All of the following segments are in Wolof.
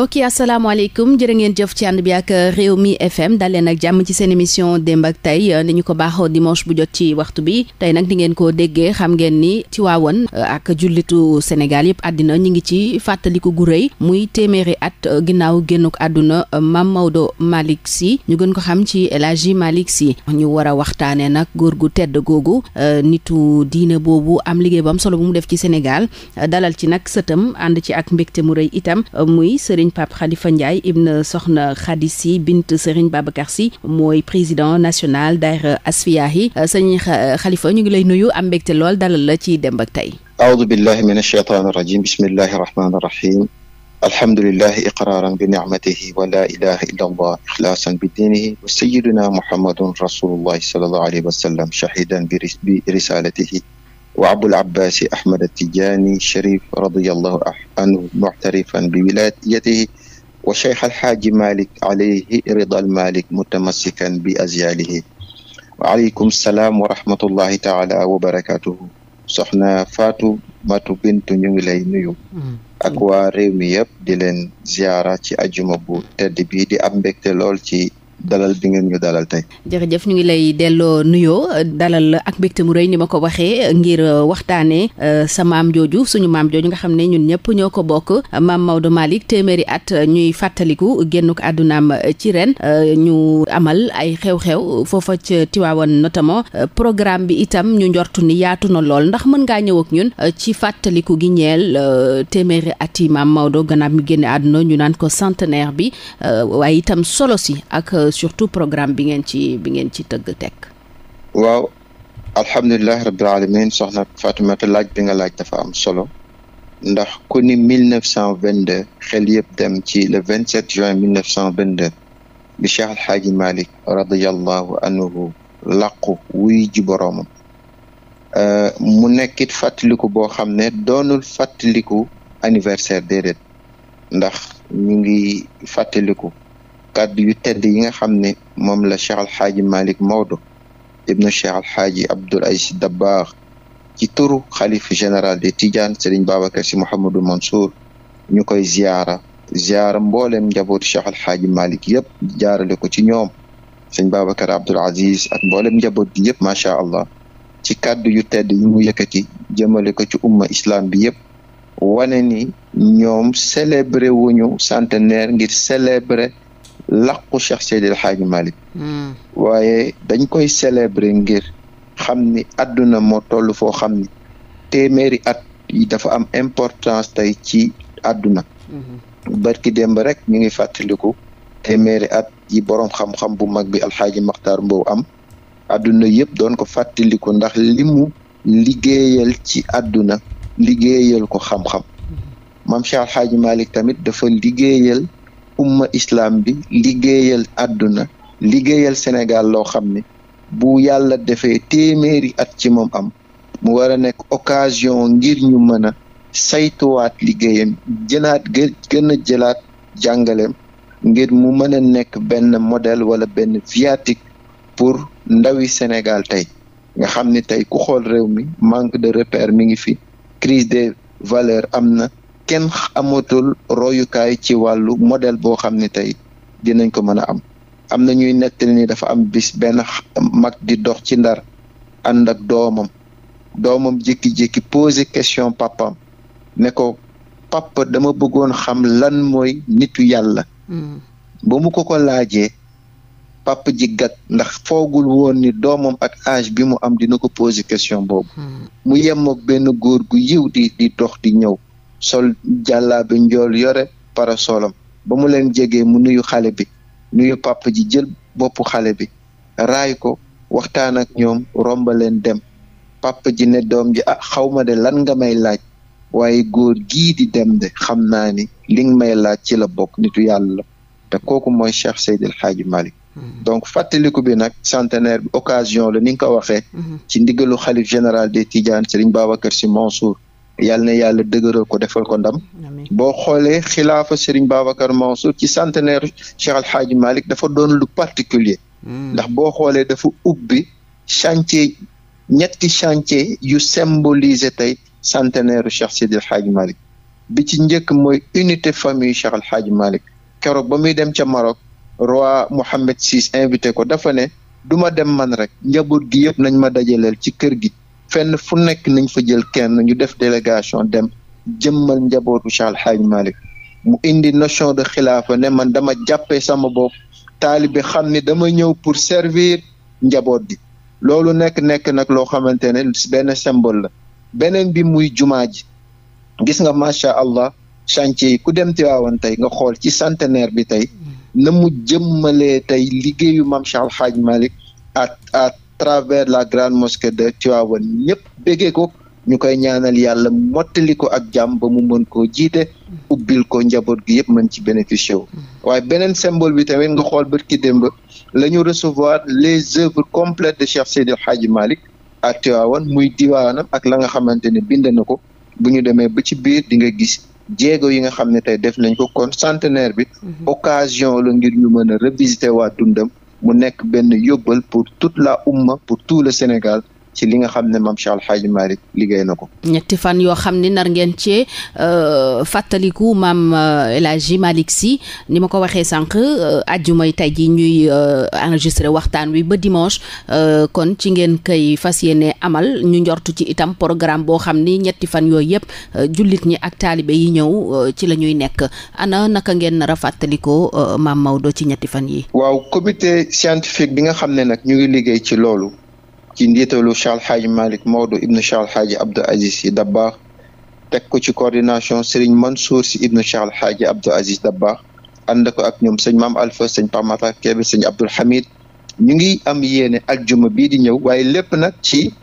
mbokk yi asalaamaaleykum jërë ngeen jëf ci ànd bi ak réew mi FM dal leen ak jàmm ci seen émission démb ak tey ni ñu ko baaxoo dimanche bu jot ci waxtu bi tey nag di ngeen ko déggee xam ngeen ni Tiwaawan eh, ak jullitu Sénégal yëpp àddina ñu ngi ci fàttaliku gu rëy muy téeméeri at eh, ginnaaw génnuk àdduna eh, mam Maodo Malick si ñu gën ko xam ci El Hadji Malick Sy ñu war a waxtaanee nag góor gu tedd googu nitu diine boobu am liggéey bam solo bu mu def ci Sénégal dalal ci nag sëtam ànd ci ak mbégte mu rëy itam muy sëriñ Serigne Pape Khalifa Ndiaye ibn Soxna Khady Sy bint Serigne Babacar Sy mooy président national daayira Asfiyahi euh, Serigne euh, Khalifa ñu ngi lay nuyu am mbégte lool dalal la ci Demb ak Tay aoudu billahi min alsheytan irrajim bismillahi irrahmani irrahim alhamdulilahi iqraaran bi nicmatihi wa la ilaha illa allah ixlaasan bi diinihi wa sayiduna muhammadun rasulullahi sal allah alayhi wa sallam shahidan bi risalatihi wa abul abbaasi ahmad tijaani sharif radiyallahu anhu muctarifan bi wilaayatihi wa cheikh alxaaji malik alayhi ridal malik mutamassikan bi azyaalihi waaleykum salaam wa rahmatullahi taala wa barakatuhu soxna faatu matu bintu ñu ngi lay nuyu mm. di leen ziyaara ci ajuma bu bi di am mbégte lool ci dalal bi ngeen ñu dalal tey. jërëjëf ñu ngi lay delloo nuyoo dalal ak mbégte mu rëy ni ma ko waxee ngir euh, waxtaanee euh, sa maam jooju suñu maam jooju nga xam ne ñun ñëpp ñoo ko bokk maam Maodo Malick téeméeri at ñuy fàttaliku génn ko àddunaam euh, ci ren ñu amal ay xew-xew foofa ca Tiwaawan notamment programme bi itam ñu njortu ni yaatu na lool ndax mën ngaa ñëw ak ñun ci fàttaliku gi ñeel téeméeri at yi maam Maodo gannaaw mi génne àdduna ñu naan ko centenaire bi waaye itam solo si ak. surtout programme bi ngeen ci bi ngeen ci tëgg tekk waaw alhamdulilah rabbil alamin soxna Fatoumata laaj bi nga laaj dafa am solo ndax ku ni mille neuf cent vingt deux xel yëpp dem ci le vingt sept juin mille neuf cent vingt deux bi Cheikh Alxaaji Malik radiallahu anhu làqu wuy ji boroomam euh, mu nekkit fàttaliku boo xam ne doonul fàttaliku anniversaire déedéet ndax ñu ngi fàttaliku kàddu yu tedd yi nga xam ne moom la Cheikh Alxaaji Malick Maodo ibnu Cheikh Alxaaji Abdoul Aziz Dabakh ci turu xalif général de Tidiane Serigne Babacar Sy Mouhamadou Mansour ñu koy ziyaara ziyaara mbooleem njabootu Cheikh Alxaaji Malick yëpp jaarale ko ci ñoom Serigne Babacar Abdoul Aziz ak mbooleem njaboot gi yëpp macha allah ci kàddu yu tedd yi mu yëkkati jëmale ko ci umma islam bi yëpp wane ni ñoom célébré wuñu centenaire ngir célébré làqu Cheikh Seydil Hadji Malick hmm. waaye dañ koy célébrer ngir xam ni àdduna moo toll foo xam ni téeméeri at yi dafa am importance tey ci àdduna hmm. barki demb rek ñu ngi fàttaliku téeméeri at yi boroom xam-xam bu mag bi alxaaji maxtar Mbow am àdduna yëpp doon ko fàttaliku ndax li mu liggéeyal ci àdduna liggéeyal ko xam-xam hmm. maam Cheikh alxaaji Malick tamit dafa liggéeyel umma islam bi liggéeyal àdduna liggéeyal Sénégal loo xam ne bu yàlla defee téeméeri at ci moom am mu war a nekk occasion ngir ñu mën a saytuwaat liggéeyam jëlaat gën jëlaat jàngaleem ngir mu mën a nekk benn model wala benn viatique pour ndawi Sénégal tey nga xam ni tey ku xool réew mi manque de repère mi ngi fi crise des valeurs am na kenn amatul royukaay ci wàllu modèle boo xam ne tey dinañ ko mën a am am na ñuy nettali ni dafa am bis benn mag di dox ci ndar ànd ak doomam doomam jékki-jékki posé question papam ne ko pap dama bëggoon xam lan mooy nitu yàlla hmm. ba mu ko ko laajee papa ji ndax foogul woon ni doomam ak âge bi mu am dina ko posé question boobu hmm. mu yemook benn góor gu yiw di di dox di ñëw sol jàllaa bi njool yore parasolam ba mu leen jegee mu nuyu xale bi nuyu papa ji jël bopp xale bi raay ko waxtaan ak ñoom romba leen dem papa ji ne doom ji a ah, xaw ma de lan nga may laaj waaye góor gii di dem de xam naa ni li nga may laaj ci la bokk nitu yàlla la te kooku mooy Cheikh xaaj Hadji Malick hmm. donc fàttaliku bi nag centenaire bi occasion le ni nga ko waxee hmm. ci ndigalu xalif général des Tidianes Serigne Babacar Sy Mansour yàlla na yàlla dëgëral ko defal ko ndam boo xoolee xilaafa Serigne Babacar Mansour ci centenaire Cheikh Al Hadj dafa doon lu particulier hmm. ndax boo xoolee dafa ubbi chantier ñetti chantier yu symboliser tey centenaire Cheikh Sidi Al Hadj bi ci njëkk mooy unité famille Cheikh Al Hadj Malick keroog ba muy dem ca Maroc roi Mohammed VI invité ko dafa ne duma dem man rek njaboot gi yëpp nañ ma dajaleel ci kër gi fenn fu nekk nañ fa jël kenn ñu def délégation dem jëmmal njabootu Cheikh Al Hadj Malick mu indi notion de xilaafa ne man dama jàppee sama bopp taalibe xam ne dama ñëw pour servir njaboot gi loolu nekk nekk nag loo xamante ne benn symbole la beneen bi muy jumaa ji gis nga macha allah chantier ku dem Tiwaawan tey nga xool ci centenaire bi tey na mu jëmmalee tey liggéeyu maam Cheikh Al Hadj Malick à travers la grande mosquée de Tivaouane ñëpp béggee ko ñu koy ñaanal yàlla mottali ko ak jàmm ba mu mën koo jiite ubbil ko njaboot gi yëpp mën ci bénéficier wu waaye beneen symbole bi tamit nga xool bët ki démb la ñu recevoir les œuvres complètes de Cheikh Seydil Hadji Malick à Tivaouane muy diwaanam ak la nga xamante ne bind na ko bu ñu demee ba ci biir di nga gis jéego yi nga xam ne tey def nañ ko kon centenaire bi mhm. occasion la ngir ñu mën a revisiter waa dundam mu nekk benn yóbbal pour toute la umma pour tout le Sénégal ci li nga xam ne maam Cheikh Al Hadj liggéey na ko. ñetti fan yoo xam ne nar ngeen cee euh, fàttaliku maam euh, El Hadj Malick si ni ma ko waxee sànq ajjumay euh, tey ji ñuy enregistré waxtaan wi ba dimanche kon ci ngeen koy fas yéene amal ñu njortu ci itam programme boo xam ni ñetti fan yooyu yëpp jullit ñi ak taalibe yi ñëw ci la ñuy nekk ana naka ngeen nar fàttalikoo maam Maodo ci ñetti fan yi. waaw bi nga xam ne nag ñu ngi liggéey ci loolu. ci njiitalu Cheikh Alxaaji Malick Maodo ibnu Cheikh Alxaaji Abdou Aziz Sy Dabakh teg ko ci coordination Serigne Mansour Sy ibnu Cheikh Alxaaji Abdou Aziz Dabakh ànd ko ak ñoom sëñ Maam Alpha sëñ Pamata Kebe sëñ Abdoul Hamid ñu ngi am yéene aljuma bii di ñëw waaye lépp nag ci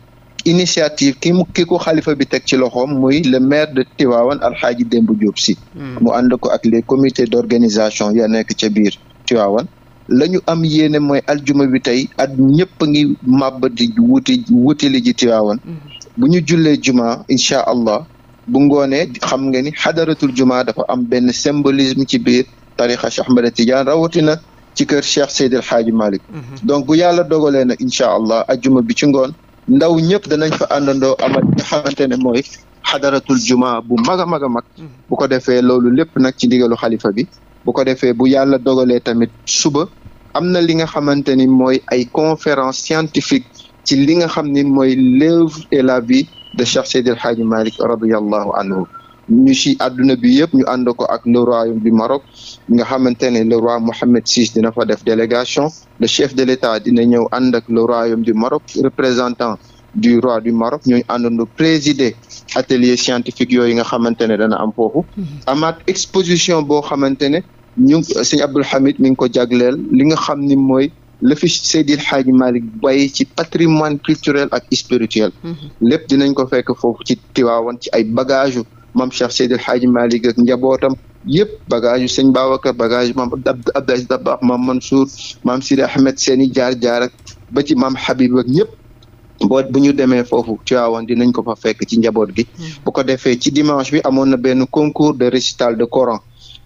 initiative ki mu ki xalifa bi teg ci loxoom muy le maire de Tivaouane Alxaaji Demba Diop Sy hmm. mu ànd ko ak les comités d'organisation ya nekk ca biir Tivaouane la ñu am yéene mooy juma bi tey at ñëpp a ngi màbb di wuti wuti li ji Tiwaawan mm-hmm. bu ñu jullee juma incha allah bu ngoone xam nga ni xadaratul juma dafa am benn symbolisme ci biir tarixa Cheikh Ahmed Tidiane ci kër Cheikh Seydil Hadji mm-hmm. donc bu yàlla dogalee nag incha allah ajjuma bi ci ngoon ndaw ñëpp danañ fa àndandoo am nga xamante ne mooy xadaratul juma bu mag a mag a mag mm-hmm. bu ko defee loolu lépp nag ci ndigalu xalifa bi bu ko defee bu yàlla dogalee tamit suba am na li nga xamante ni mooy ay conférence scientifique ci li nga xam ni mooy l'œuvre et la vie de Cheikh Seydi El Hadji Malick radiallahu anhu ñu ci adduna bi yëpp ñu ànd ko ak le royaume du Maroc nga xamante ne le roi Mohammed VI dina fa def délégation le chef de l'État dina ñëw ànd ak le royaume du Maroc représentant du roi du Maroc ñooy àndandoo présider atelier scientifique yi nga xamante ne dana am foofu mm-hmm. amaat exposition boo xamante ne ñu ngi sëñ Abdul Hamid mi ko jagleel li nga xam ni mooy la fi xaaj Hadji Malick bàyyi ci patrimoine culturel ak spirituel. Mm-hmm. lépp dinañ ko fekk foofu ci Tiwaawan ci ay bagage mam Cheikh Seydil Hadji Malick ak njabootam yëpp bagage yu sëñ Babacar bagage mam Abdou Aziz Dabakh mam Mansour mam Sidi Ahmed seeni jaar-jaar ak ba ci mam Habib ak ñëpp boo bu ñu demee foofu Tiwaawan dinañ ko fa fekk ci njaboot gi mm-hmm. bu ko defee ci dimanche bi amoon na benn concours de récital de Coran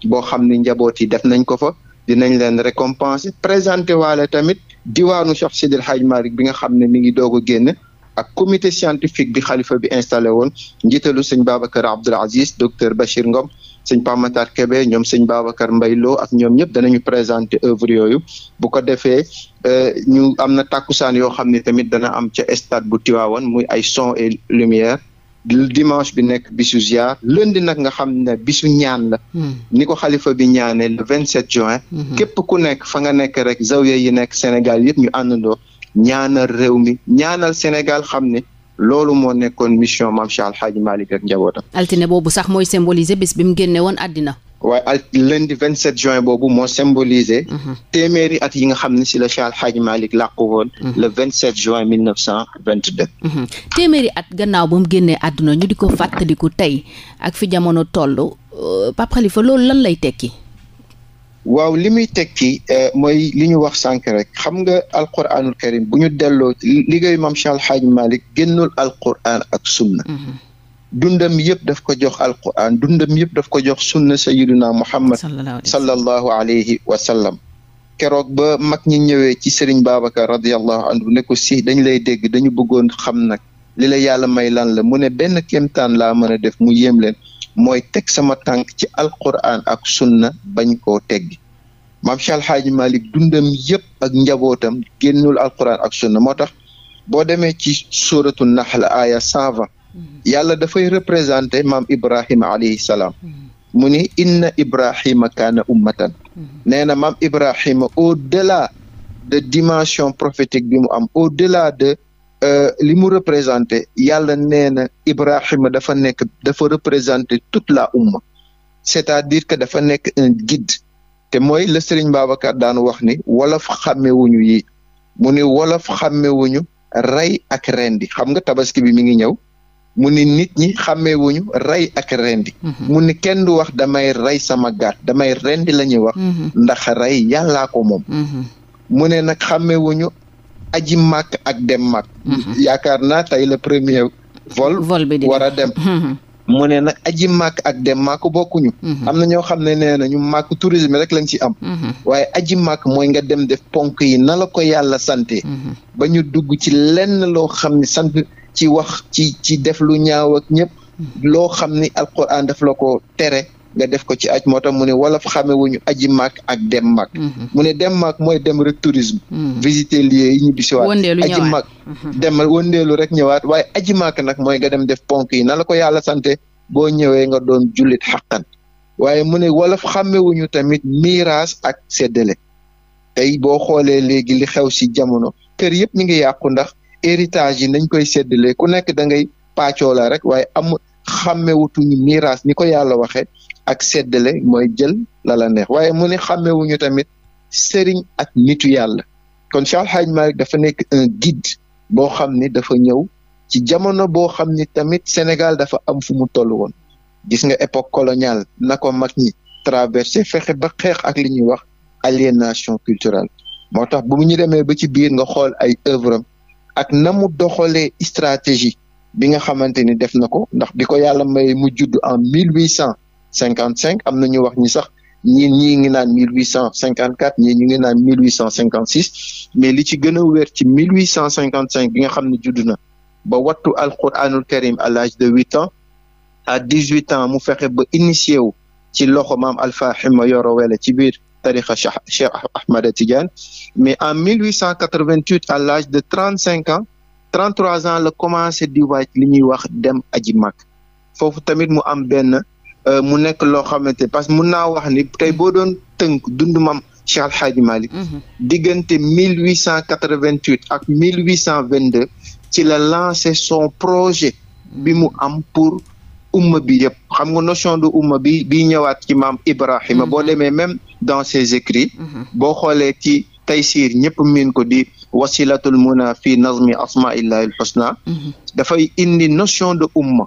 boo xam ne njaboot yi def nañ ko fa dinañ leen récompenser présenté waale tamit diwaanu Cheikh Sidil Hadj Malick bi nga xam ne mi ngi doog a génn ak comité scientifique bi xalifa bi installé woon njiitalu sëñ Babacar Abdoul Aziz docteur Bachir Ngom sëñ Pape Matar Kébé ñoom sëñ Babacar Mbaye Lo ak ñoom ñëpp danañu présenter œuvre yooyu bu ko defee euh, ñu am na tàkkusaan yoo xam ne tamit dana am ca stade bu wan muy ay son et lumière dimanche bi nekk bisu ziar lundi nag nga xam ne bisu ñaan la hmm. ni ko xalifa bi ñaane le vingt sept juin hmm. képp ku nekk fa nga nekk rek zawiya yi nekk Sénégal yëpp ñu àndandoo ñaanal réew mi ñaanal Sénégal xam ne loolu moo nekkoon mission maam Cheikh Al Hadj Malick ak njabootam altine boobu sax mooy symboliser bis bi mu génne woon àddina waaye ak lundi vingt sept juin boobu moo symboliser mhm. téeméeri at yi nga xam ne si la Cheikh Al Hadj Malick làqu woon mhm. le vingt sept juin mille neuf cent vingt deux mhm. téeméeri at gannaaw ba mu génnee àdduna ñu di ko fàttaliku tey ak fi jamono toll euh, Pape fa loolu lan lay tekki waaw li muy tekki euh, mooy li ñu wax sànq rek xam nga alquranul karim bu ñu delloo liggéeyu maam Cheikh Al Hadj Malick génnul ak sunna dundam yëpp daf ko jox alquran dundam yëpp daf ko jox sunna sayyidina muhammad sallallahu alayhi wa sallam keroog ba mag ñi ñëwee ci Serigne Babacar radiallahu anhu ne ko si dañ lay dégg dañu bëggoon xam nag li la yàlla may lan la mu ne benn kéemtaan laa mën a def mu yéem leen mooy teg sama tànk ci alquran ak sunna bañ ko tegg maam Cheikh Alhaaji Malick dundam yëpp ak njabootam génnul alquran ak sunna moo tax boo demee ci suratu nahl aya cent yàlla dafay représenté maam ibrahima alayhi salaam mu ni inna ibrahima kaana ummatan nee na maam ibrahima au delà de dimension prophétique bi mu am au delà de euh, li mu représenté yàlla nee na ibrahima dafa nekk dafa représenter toute la umma c'est-à-dire que dafa nekk un guide te mooy la Serigne Babacar daan wax ni wolof xàmmewuñu yi mu ni wolof xàmmewuñu rey ak rendi xam nga tabaski bi mi ngi ñëw mu ni nit ñi xàmmeewuñu rey ak rendi mhm. mu ni kenn du wax damay rey sama gàtt damay rendi la ñuy wax mhm. ndax rey yàllaa ko moom mhm. mu ne nag xàmmeewuñu aji màkk ak dem màkk yaakaar naa tey le premier vol vol bi war ne nag aji màkk ak dem màkk bokkuñu am na ñoo xam ne nee na ñu màkk tourisme rek lañ ci am waaye aji màkk mooy nga dem def ponk yi na ko yàlla sante ba ñu dugg ci lenn loo xam ne sant ci wax ci ci def lu ñaaw ak ñëpp loo xam ni alquran def la ko tere nga def ko ci aj moo tax mu ne wala xamewuñu aji màkk ak dem màkk mhm. mu ne dem màkk mooy dem rek tourisme mhm. visiter lieux yi ñu bisiwaat aji màkk mhm. dem wëndeelu rek ñëwaat waaye aji màkk nag mooy nga dem def ponk yi na la ko yàlla sante boo ñëwee nga doon jullit xaqan waaye mu ne wala xamewuñu tamit miiras ak séddale tey boo xoolee léegi li xew si jamono kër yëpp ñu ngi yàqu ndax héritage yi nañ koy séddale ku nekk da ngay pàccoo la rek waaye am xàmmewutuñu miraas ni ko yàlla waxee ak séddale mooy jël la la neex waaye mu ne xàmmewuñu tamit sëriñ ak nitu yàlla kon Cheikh Alhaj dafa nekk un boo xam ni dafa ñëw ci jamono boo xam ni tamit Sénégal dafa am fu mu toll woon gis nga époque coloniale na ko mag ñi traversé fexe ba xeex ak li ñuy wax alienation culturelle moo tax bu ñu demee ba ci biir nga xool ay œuvre ak na mu doxalee stratégie bi nga xamante ni def na ko ndax bi ko yàlla may mu judd en mille huit cent cinquante cinq am na ñu wax ñi sax ñii ñii ngi naan mille huit cent cinquante quatre ñii ñu ngi naan mille huit cent cinquante six mais li ci gën a wér ci mille huit cent cinquante cinq bi nga xam ne judd na ba wattu alquranul karim à l'âge de huit ans à dix huit ans mu fexe ba initié wu ci loxo maam Alpha Hima Yoro Wele ci biir tariqa Cheikh Ahmada Tidiane mais en 1888 à l'âge de 35 ans 33 ans la commencé di wàcc li ñuy wax dem aji mag foofu tamit mu am benn euh, mu nekk loo xamante parce que mun naa wax ni tey boo doon tënk dund mam Cheikh Al Hadji Malick mhm. diggante 1888 ak 1822 ci la lancé son projet bi mu am pour umma bi yëpp xam nga notion de umma bi bi ñëwaat ci maam Ibrahima mm-hmm. boo demee même dans ses écrits mm-hmm. boo xoolee ci Taysiir ñëpp miin ko di wasilatul muna fi nazmi asmaillahi al husna mm-hmm. dafay indi notion de umma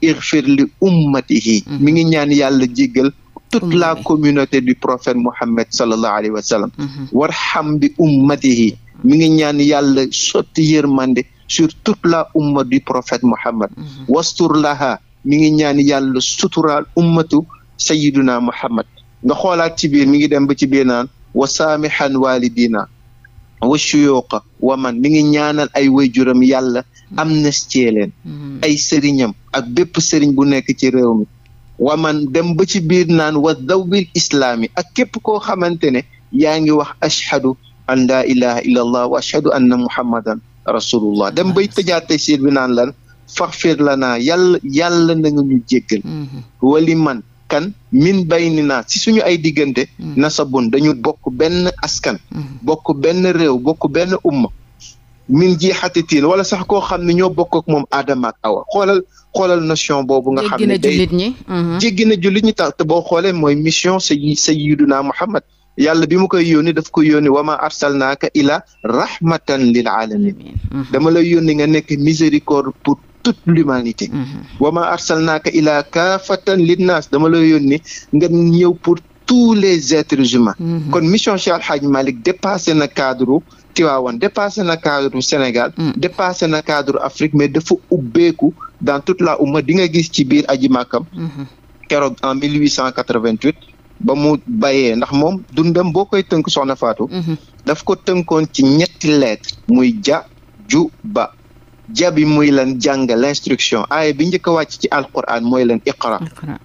irfir li ummatihi mi ngi ñaan yàlla jéggal toute la communauté du prophète Mohammed sallallahu alayhi wa sallam warham bi ummatihi mi ngi ñaan yàlla sotti yërmande sur toute la umma du prophète Mohammed wastur laha mi ngi ñaan yàlla suturaal ummatu sayyiduna muhammad nga xoolaat ci biir mi ngi dem ba ci biir naan wa saamihan walidina wa shuyuuqa wa man mi ngi ñaanal ay wayjuram yàlla amnistie leen mm-hmm. ay sëriñam ak bépp sëriñ bu nekk ci réew mi wa man dem ba ci biir naan wa dawil islaami ak képp koo xamante ne yaa ngi wax ashhadu an laa ilaha illa allah wa ashhadu anna muhammadan rasulullah dem bay tëjaate siir bi naan lan faxfir lana yàlla yàlla na nga ñu jéggal mhm. wali man kan min bay ni naa si suñu ay diggante mhm. nasabun dañu bokk benn askan mhm. bokk benn réew bokk benn umma min ji xatitiin wala sax koo xam ne ñoo bokk moom aadama ak awa xoolal xoolal notion boobu nga xam ne day jullit ñi te boo xoolee mooy mission say sayyiduna Muhammad yàlla bi mu koy yónni daf ko yónni wama arsalnaaka ila rahmatan lil alamin mhm. dama lay yónni nga nekk miséricorde pour toute l'humanité mhm. wama arsalnaaka ila kaafatan linnaas dama lay yónni nga ñëw pour tous les êtres humains mhm. kon mission Cheikh Al Hadj Malick dépassé na cadre Tiwaawan dépassé na cadre Sénégal dépassé na cadre Afrique mais dafa ubbeeku dans tout la umma di nga gis ci biir aji màkkam keroog en ba mu bàyyee ndax moom dundam boo koy tënk soxna Fatou. Mhm. daf ko tënkoon ci ñetti lettre muy ja ju ba ja bi muy lan jàng l'instruction aaya bi njëkk wàcc ci alquran mooy lan iqra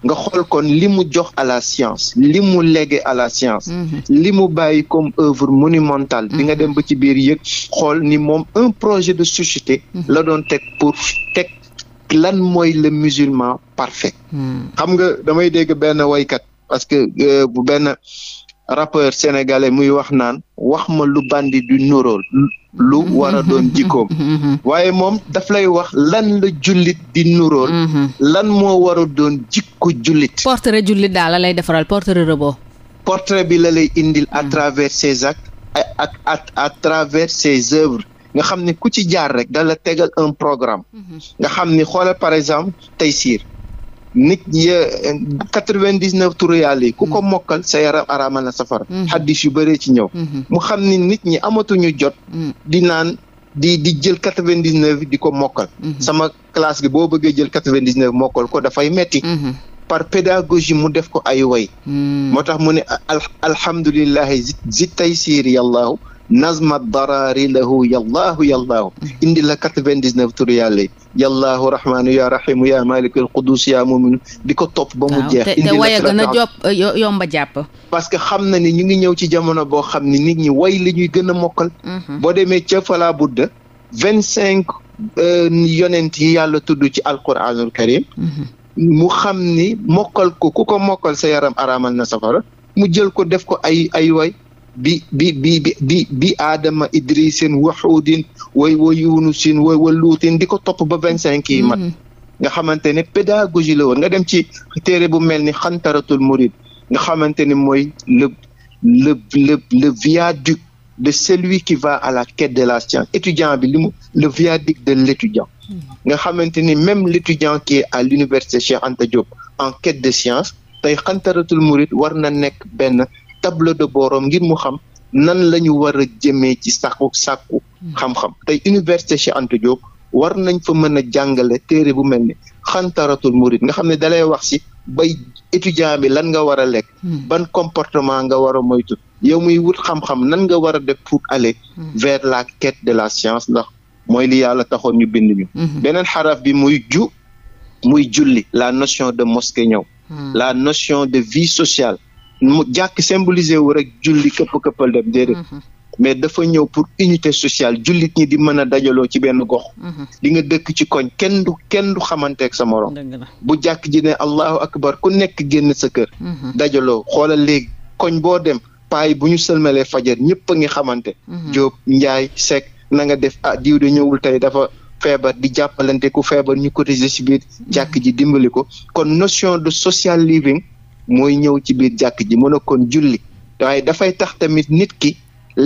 nga xool kon li mu jox à la science li mu légué à la science mhm. li mu bàyyi comme œuvre monumentale bi nga mhm. dem ba ci biir yëg xool ni moom un projet de société la doon teg pour teg lan mooy le musulman parfait xam nga damay dégg benn waykat parce que euh, bu benn rappeur sénégalais muy wax naan wax ma lu bandit du nuróol lu war a doon jikkoom mm-hmm. Mm-hmm. waaye moom daf lay wax lan la jullit di nuróol mm-hmm. lan moo war doon jikko julit portrait jullit daal la lay defaral portrait rebo portrait bi la lay indil à mm. travers ses actes ak ak à travers ses œuvres nga xam ne ku ci jaar rek da la tegal un programme nga xam ne xoolal par exemple Taysiir nit ya eh, quatre-vingt-dix-neuf turu yàlla ku ko mm. mokkal sa yaram araamal safara xaddis mm-hmm. yu bëree ci ñëw mm-hmm. mu xam ni nit ñi amatuñu jot mm. di naan di di jël quatre-vingt-dix-neuf di ko mokkal mm-hmm. sama classe boo bëggee jël quatre-vingt-dix-neuf mokkal ko dafay metti par pédagogie mu def ko ay way mm. moo tax mu ne alhamdulillahi zit tay siiri nazma daraari lahu yallaahu yallaahu indi la quatre-vingt-dix-neuf tur yàlla yi yallaahu rahmaanu yaa rahimu yaa maaliku alquduus yaa muuminu di ko topp ba mu jeex te waye gën a jop jàpp parce que xam na ni ñu ngi ñëw ci jamono boo xam ni nit ñi way li ñuy gën a mokkal mhm. boo demee ca falaa vingt cinq euh, yonent yi yàlla tudd ci alquranul karim mhm. mu xam ni mokkal ko ku ko mokkal sa yaram araamal na safara mu jël ko def ko ay ay way bi bi bi bi bi aadama idrisin wa xuudin way wa yunusin way wa luutin di ko topp ba vingt cinq yi mat mm-hmm. nga xamante ne pédagogie la woon nga dem ci téere bu mel ni xantaratul murid nga xamante ne mooy le le le le viaduc de celui qui va à la quête de la science étudiant bi li mu le viaduc de l'étudiant mm-hmm. nga xamante ni même l'étudiant qui est à l'université Cheikh Anta Diop en quête de science tey xantaratul murid war na nekk benn tableau de boorom ngir mu xam nan la ñu war a jëmee ci sàkku sàkku hmm. xam-xam tey université Cheikh Anta Diop war nañ fa mën a jàngale téere bu mel ni xantaratul murid nga xam ne dalay wax si bay étudiant bi lan nga war a lekk hmm. ban comportement nga war a moytu yow muy wut xam-xam nan nga war a def pour aller hmm. vers la quête de la science ndax mooy li yàlla taxoon ñu bind ñu beneen xaraf bi muy ju muy julli la notion de mosquée ñëw la notion de vie sociale mu jàkk symboliser wu rek julli këpp këppal dem déedéet. Mm-hmm. mais dafa ñëw pour unité sociale jullit ñi di mën a dajaloo ci benn gox. Mm-hmm. di nga dëkk ci koñ kenn du kenn du xamanteeg sa morom. bu jàkk ji ne allahu akbar ku nekk génn sa kër. Mm-hmm. dajaloo xoolal léegi koñ boo dem payi bu ñu sëlmalee fajar ñëpp a ngi xamante. Diop Ndiaye Seck na nga def ah diw de ñëwul tey dafa. feebar di jàppalante ku feebar ñu cotiser ci biir jàkk ji dimbali ko kon notion de social living mooy ñëw ci biir jàkk ji mën a kon julli waaye dafay tax tamit nit ki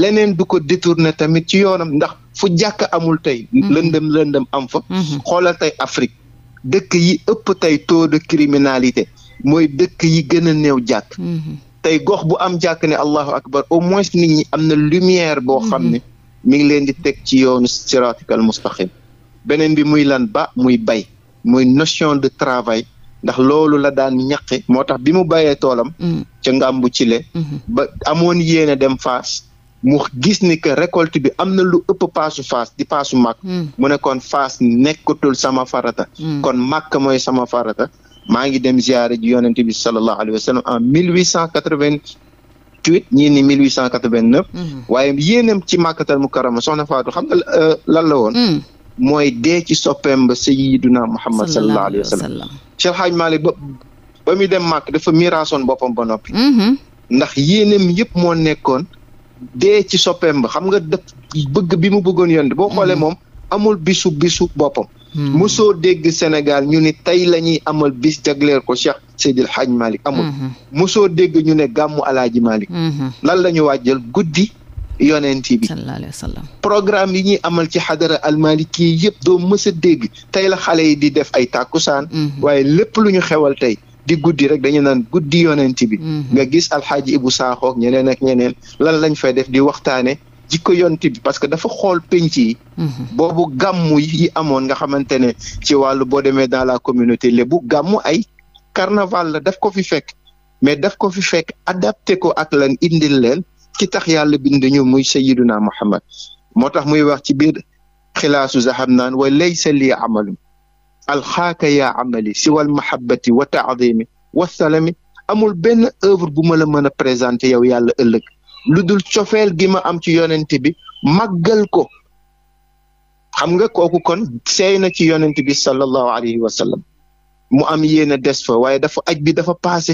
leneen du ko détourné tamit ci yoonam ndax fu jàkk amul tey mm-hmm. lëndëm lëndëm am fa mm-hmm. xoolal tey Afrique dëkk yi ëpp tey taux de criminalité mooy dëkk yi gën a néew jàkk mm-hmm. tey gox bu am jàkk ne allahu akbar au moins nit ñi am na lumière boo xam ne mi ngi leen di teg ci yoonu siraatikal mustaqim beneen bi muy lan ba muy bay muy notion de travail ndax loolu la daan ñaqe moo tax bi mu bàyyee toolam mm. ca ngàmbu ci le mm-hmm. ba amoon yéene dem faas mu gis ni que récolte bi am na lu ëpp paasu faas di paasu màkk mm. mu ne kon faas nekkatul sama farata mm. kon màkk mooy sama farata maa ngi dem ziyaare ji yonent bi sallallahu alayhi wa sallam en mille huit cent quatre-vingt-huit ñii ni mille huit cent quatre-vingt-neuf mm-hmm. waaye yéenam ci màkkatal mukarrama soxna Faatu xam nga euh, lan la woon mooy dee ci soppeem ba sayyiduna Muhammad sallallahu alayhi wa sallam Cheikh Hadj Malick ba ba muy dem màkk dafa miraasoon boppam ba noppi. Mm-hmm. ndax yéeneem yëpp moo nekkoon dee ci soppeem ba xam nga def bëgg bi mu bëggoon yonent boo xoolee mm-hmm. moom amul bisu bisu boppam. musoo mm-hmm. dégg Sénégal ñu ni tey la ñuy amal bis jagleel ko Cheikh Seydil Hadj Malick amul. musoo dégg ñu ne gàmmu Alaaji Malick. lan la ñu guddi. yonent bi sallallahu programme yi ñuy amal ci xadara almaliki yëpp doo mës a dégg tey la xale yi di def ay tàkkusaan mhm. waaye lépp lu ñu xewal tey di guddi rek dañu naan guddi yonent bi mhm. nga gis alxaaji Ibu Saaxo ak ñeneen ak ñeneen lan lañ fay def di waxtaane jikko yonent bi parce que dafa xool penc yi mhm. boobu gàmmu yi amoon nga xamante ne ci wàllu boo demee dans la communauté lébu gàmmu ay carnaval la daf ko fi fekk mais daf ko fi fekk adapté ko ak lan indil leen ki tax yàlla bind ñu muy sayyiduna Muhammad moo tax muy wax ci biir xilaasu zahab naan wa laysa lii amalum alxaaka yaa amali siwal mahabbati wa taadimi wa salami amul benn œuvre bu ma la mën a présenter yow yàlla ëllëg lu dul cofeel gi ma am ci yonent bi màggal ko xam nga kooku kon seey na ci yonent bi sallallahu alayhi wa sallam mu am yéen a des fa waaye dafa aj bi dafa paase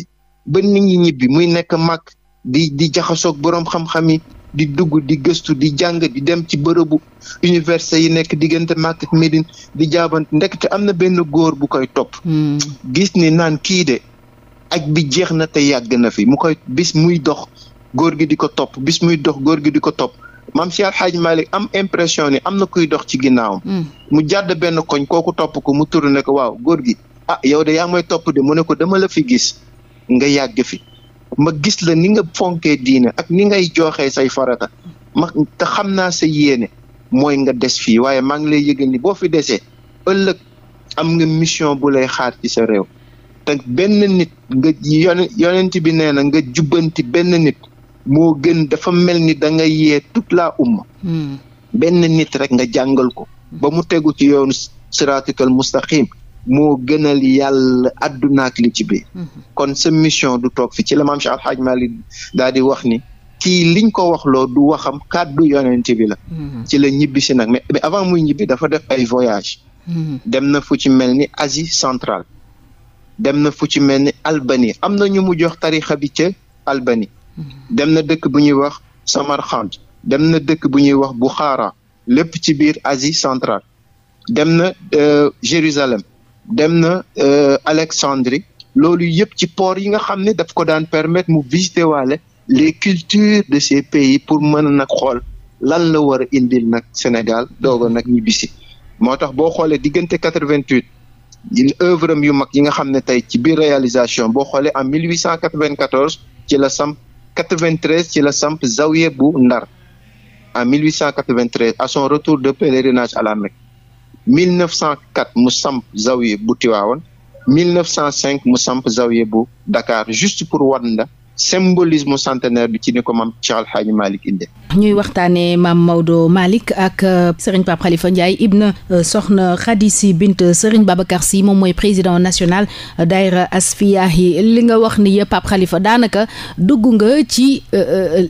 ba nit ñi ñibbi muy nekk màgg di di jaxasoog boroom xam-xam yi di dugg di gëstu di jàng di dem ci bërëbu université yi nekk diggante Makka ak Médine di jaabant ndekete am na benn góor bu koy topp hmm. gis ni naan kii de ak bi jeex na te yàgg na fi mu koy bis muy dox góor gi di ko topp bis muy dox góor gi di ko topp maam si alxaaj Malik am impression ni am na kuy dox ci ginnaawam hmm. mu jàdd benn koñ kooku topp ko mu tur ne ko waaw góor gi ah yow de yaa mooy topp de mu ne ko dama la fi gis nga yàgg fi ma gis la ni nga fonkee diine ak ni ngay joxee say farata ma te xam naa sa yéene mooy nga des fii waaye maa ngi lay yëgal ni boo fi desee ëllëg am nga mission bu lay xaar ci sa réew te benn nit nga yonent bi nee na nga jubbanti benn nit moo gën dafa mel ni da nga yee toute la umma hmm. benn nit rek nga jàngal ko ba mu tegu ci yoonu siraatikal mustaqim moo gënal yàlla àdduna ak li ci biir. Mhm. kon sa mission du toog fi ci la maam Cheikh Al Hadj daal di wax ni. kii liñ ko waxloo du waxam kàddu yonent bi la. Mhm. ci la ñibbi si nag mais avant muy ñibbi dafa def ay voyage mhm. dem na fu ci mel ni Asie centrale. dem na fu ci mel ni Albanie am na ñu mu jox tarixa bi ca Albanie. dem na dëkk bu ñuy wax Samarkand. dem na dëkk bu ñuy wax Bukhara lépp ci biir Asie centrale. dem na euh, Jérusalem dem na euh, Alexandrie loolu yëpp ci port yi nga xam ne daf ko daan permettre mu visiter waale les cultures de ces pays pour mën a nag xool lan la war a indil nag Sénégal dooga nag ñu bisi moo tax boo xoolee diggante 88 il œuvre am yu mag yi nga xam ne tey ci biir réalisation boo xoolee en 1894 ci la samp 93 ci la samp zawiye bu Ndar en 1893 à son retour de pèlerinage à la Mecque mille 1904 mu samp zawiye bu mille Tiwaawan 1905 mu samp zawiye bu Dakar juste pour wan la symbolisme centenaire bi ci ni ko maam Cheikh Al Hadji inde ñuy waxtaanee maam Maodo Malick ak euh, Serigne Pape Khalifa Ndiaye ibn euh, Soxna Khady Sy bint Serigne Babacar si moom mooy président national euh, daayira Asfiyahi li nga wax ni yëpp Pape Khalifa daanaka dugg nga ci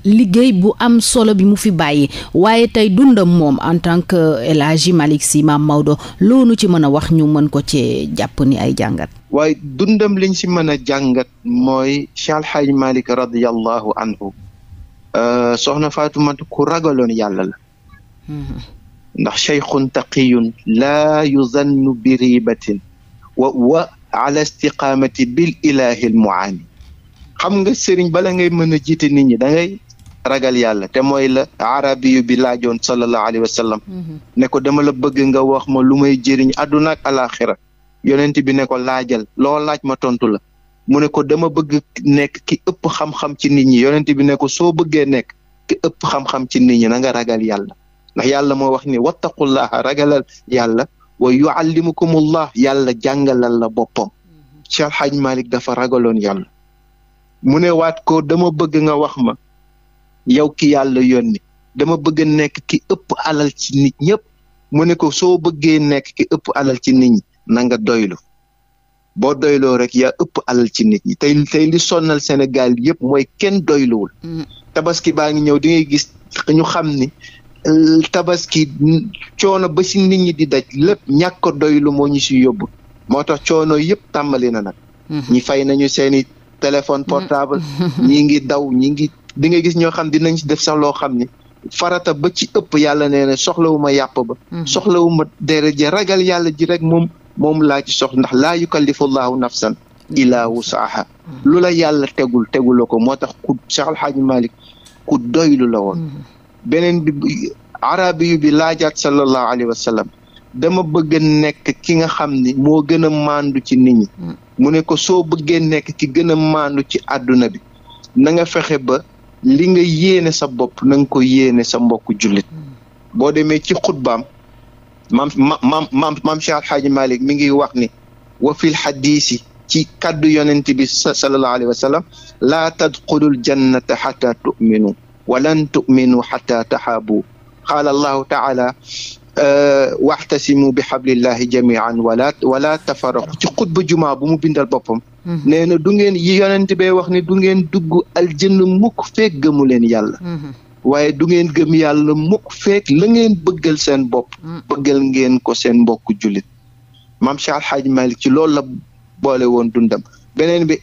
liggéey bu am solo bi mu fi bàyyi waaye tey dundam moom en tant que El Hadji Malick Sy maam Maodo loolu ci mën a wax ñu mën ko ci jàpp ni ay jàngat waaye dundam liñ si mën a jàngat mooy Cheikh Al Hadj Malick radiyallahu anhu euh, soxna Faatumata ku ragaloon yàlla mm-hmm. ndax cheikhun taqiyun laa yuzannu bi ribatin wa wa ala istiqaamati bil ilahi al xam nga sëriñ bala ngay mën a jiite nit ñi da ragal yàlla te mooy la arabiyu bi laajoon sallallahu alayhi wa mm-hmm. ne ko dama la nga wax ma lu may jëriñ àdduna alaxira yonent bi ne ko laajal loo laaj ma tontu la mu ne ko dama bëgg nekk ki ëpp xam-xam ci nit ñi yonent bi ne ko soo bëggee nekk ëpp xam ci nit ñi na ragal yàlla ndax yàlla moo wax ni wattaqullaha ragalal yàlla wa yuallimukumullah yàlla jàngalal la boppam Cheikh Al Hadj dafa ragaloon yàlla mu ne waat ko dama bëgg nga wax ma yow ki yàlla yónni dama bëgg nekk ki ëpp alal ci nit ñëpp mu ne ko soo bëggee nekk ki ëpp alal ci nit na nga doylu boo doyloo rek yaa ëpp alal ci nit ñi tey tey li sonnal Sénégal yëpp mooy kenn doyluwul mm. tabaski baa ngi ñëw di ngay gis ñu xam ni tabaski coono ba nit ñi di daj lépp ñàkk doylu moo ñu si yóbbu moo tax coono yëpp tàmbali na nag mm-hmm. ñi fay nañu seeni téléphone portable mm-hmm. ngi daw ñi ngi di nga gis ñoo xam dinañ def sax loo xam ni farata ba ci ëpp yàlla nee na soxlawuma yàpp ba mm-hmm. soxlawuma deret ji ragal yàlla ji rek moom moom laa ci soxla ndax laa yukallifu llahu nafsan illa wusaha lu la yàlla tegul tegula ko moo tax ku Cheikh Al Hadj ku doylu la woon mm-hmm. beneen bi arabi bi laajaat sallallahu alayhi wa sallam dama bëgg nekk ki nga xam ni moo gën a maandu ci nit ñi mm-hmm. mu ne ko soo bëggee nekk ki gën a maandu ci àdduna bi na nga fexe ba li nga yéene sa bopp nanga nga ko yéene sa mbokku jullit mm-hmm. boo demee ci xutbaam maam maam maam maam Cheikh Alxaaji Malik mi ngi wax ni wa fil xadiisi ci kàddu yonent bi sallallahu alayhi wa sallam laa tadxulul jannata xata tuminu walan tuminu xata taxaabu qaala allahu taala euh, waxtasimu bi xablillahi jamian wala wala tafarraqu ci xutba jumaa bu mu bindal boppam mm-hmm. nee na du ngeen yi yonent bee wax ni du ngeen dugg aljanna mukk fekk gëmu leen yàlla mm-hmm. waaye du ngeen gëm yàlla mukk feek la ngeen bëggal seen bopp mm. bëggal ngeen ko seen mbokk jullit maam Cheikh Al Hadj ci loolu la boole woon dundam beneen bi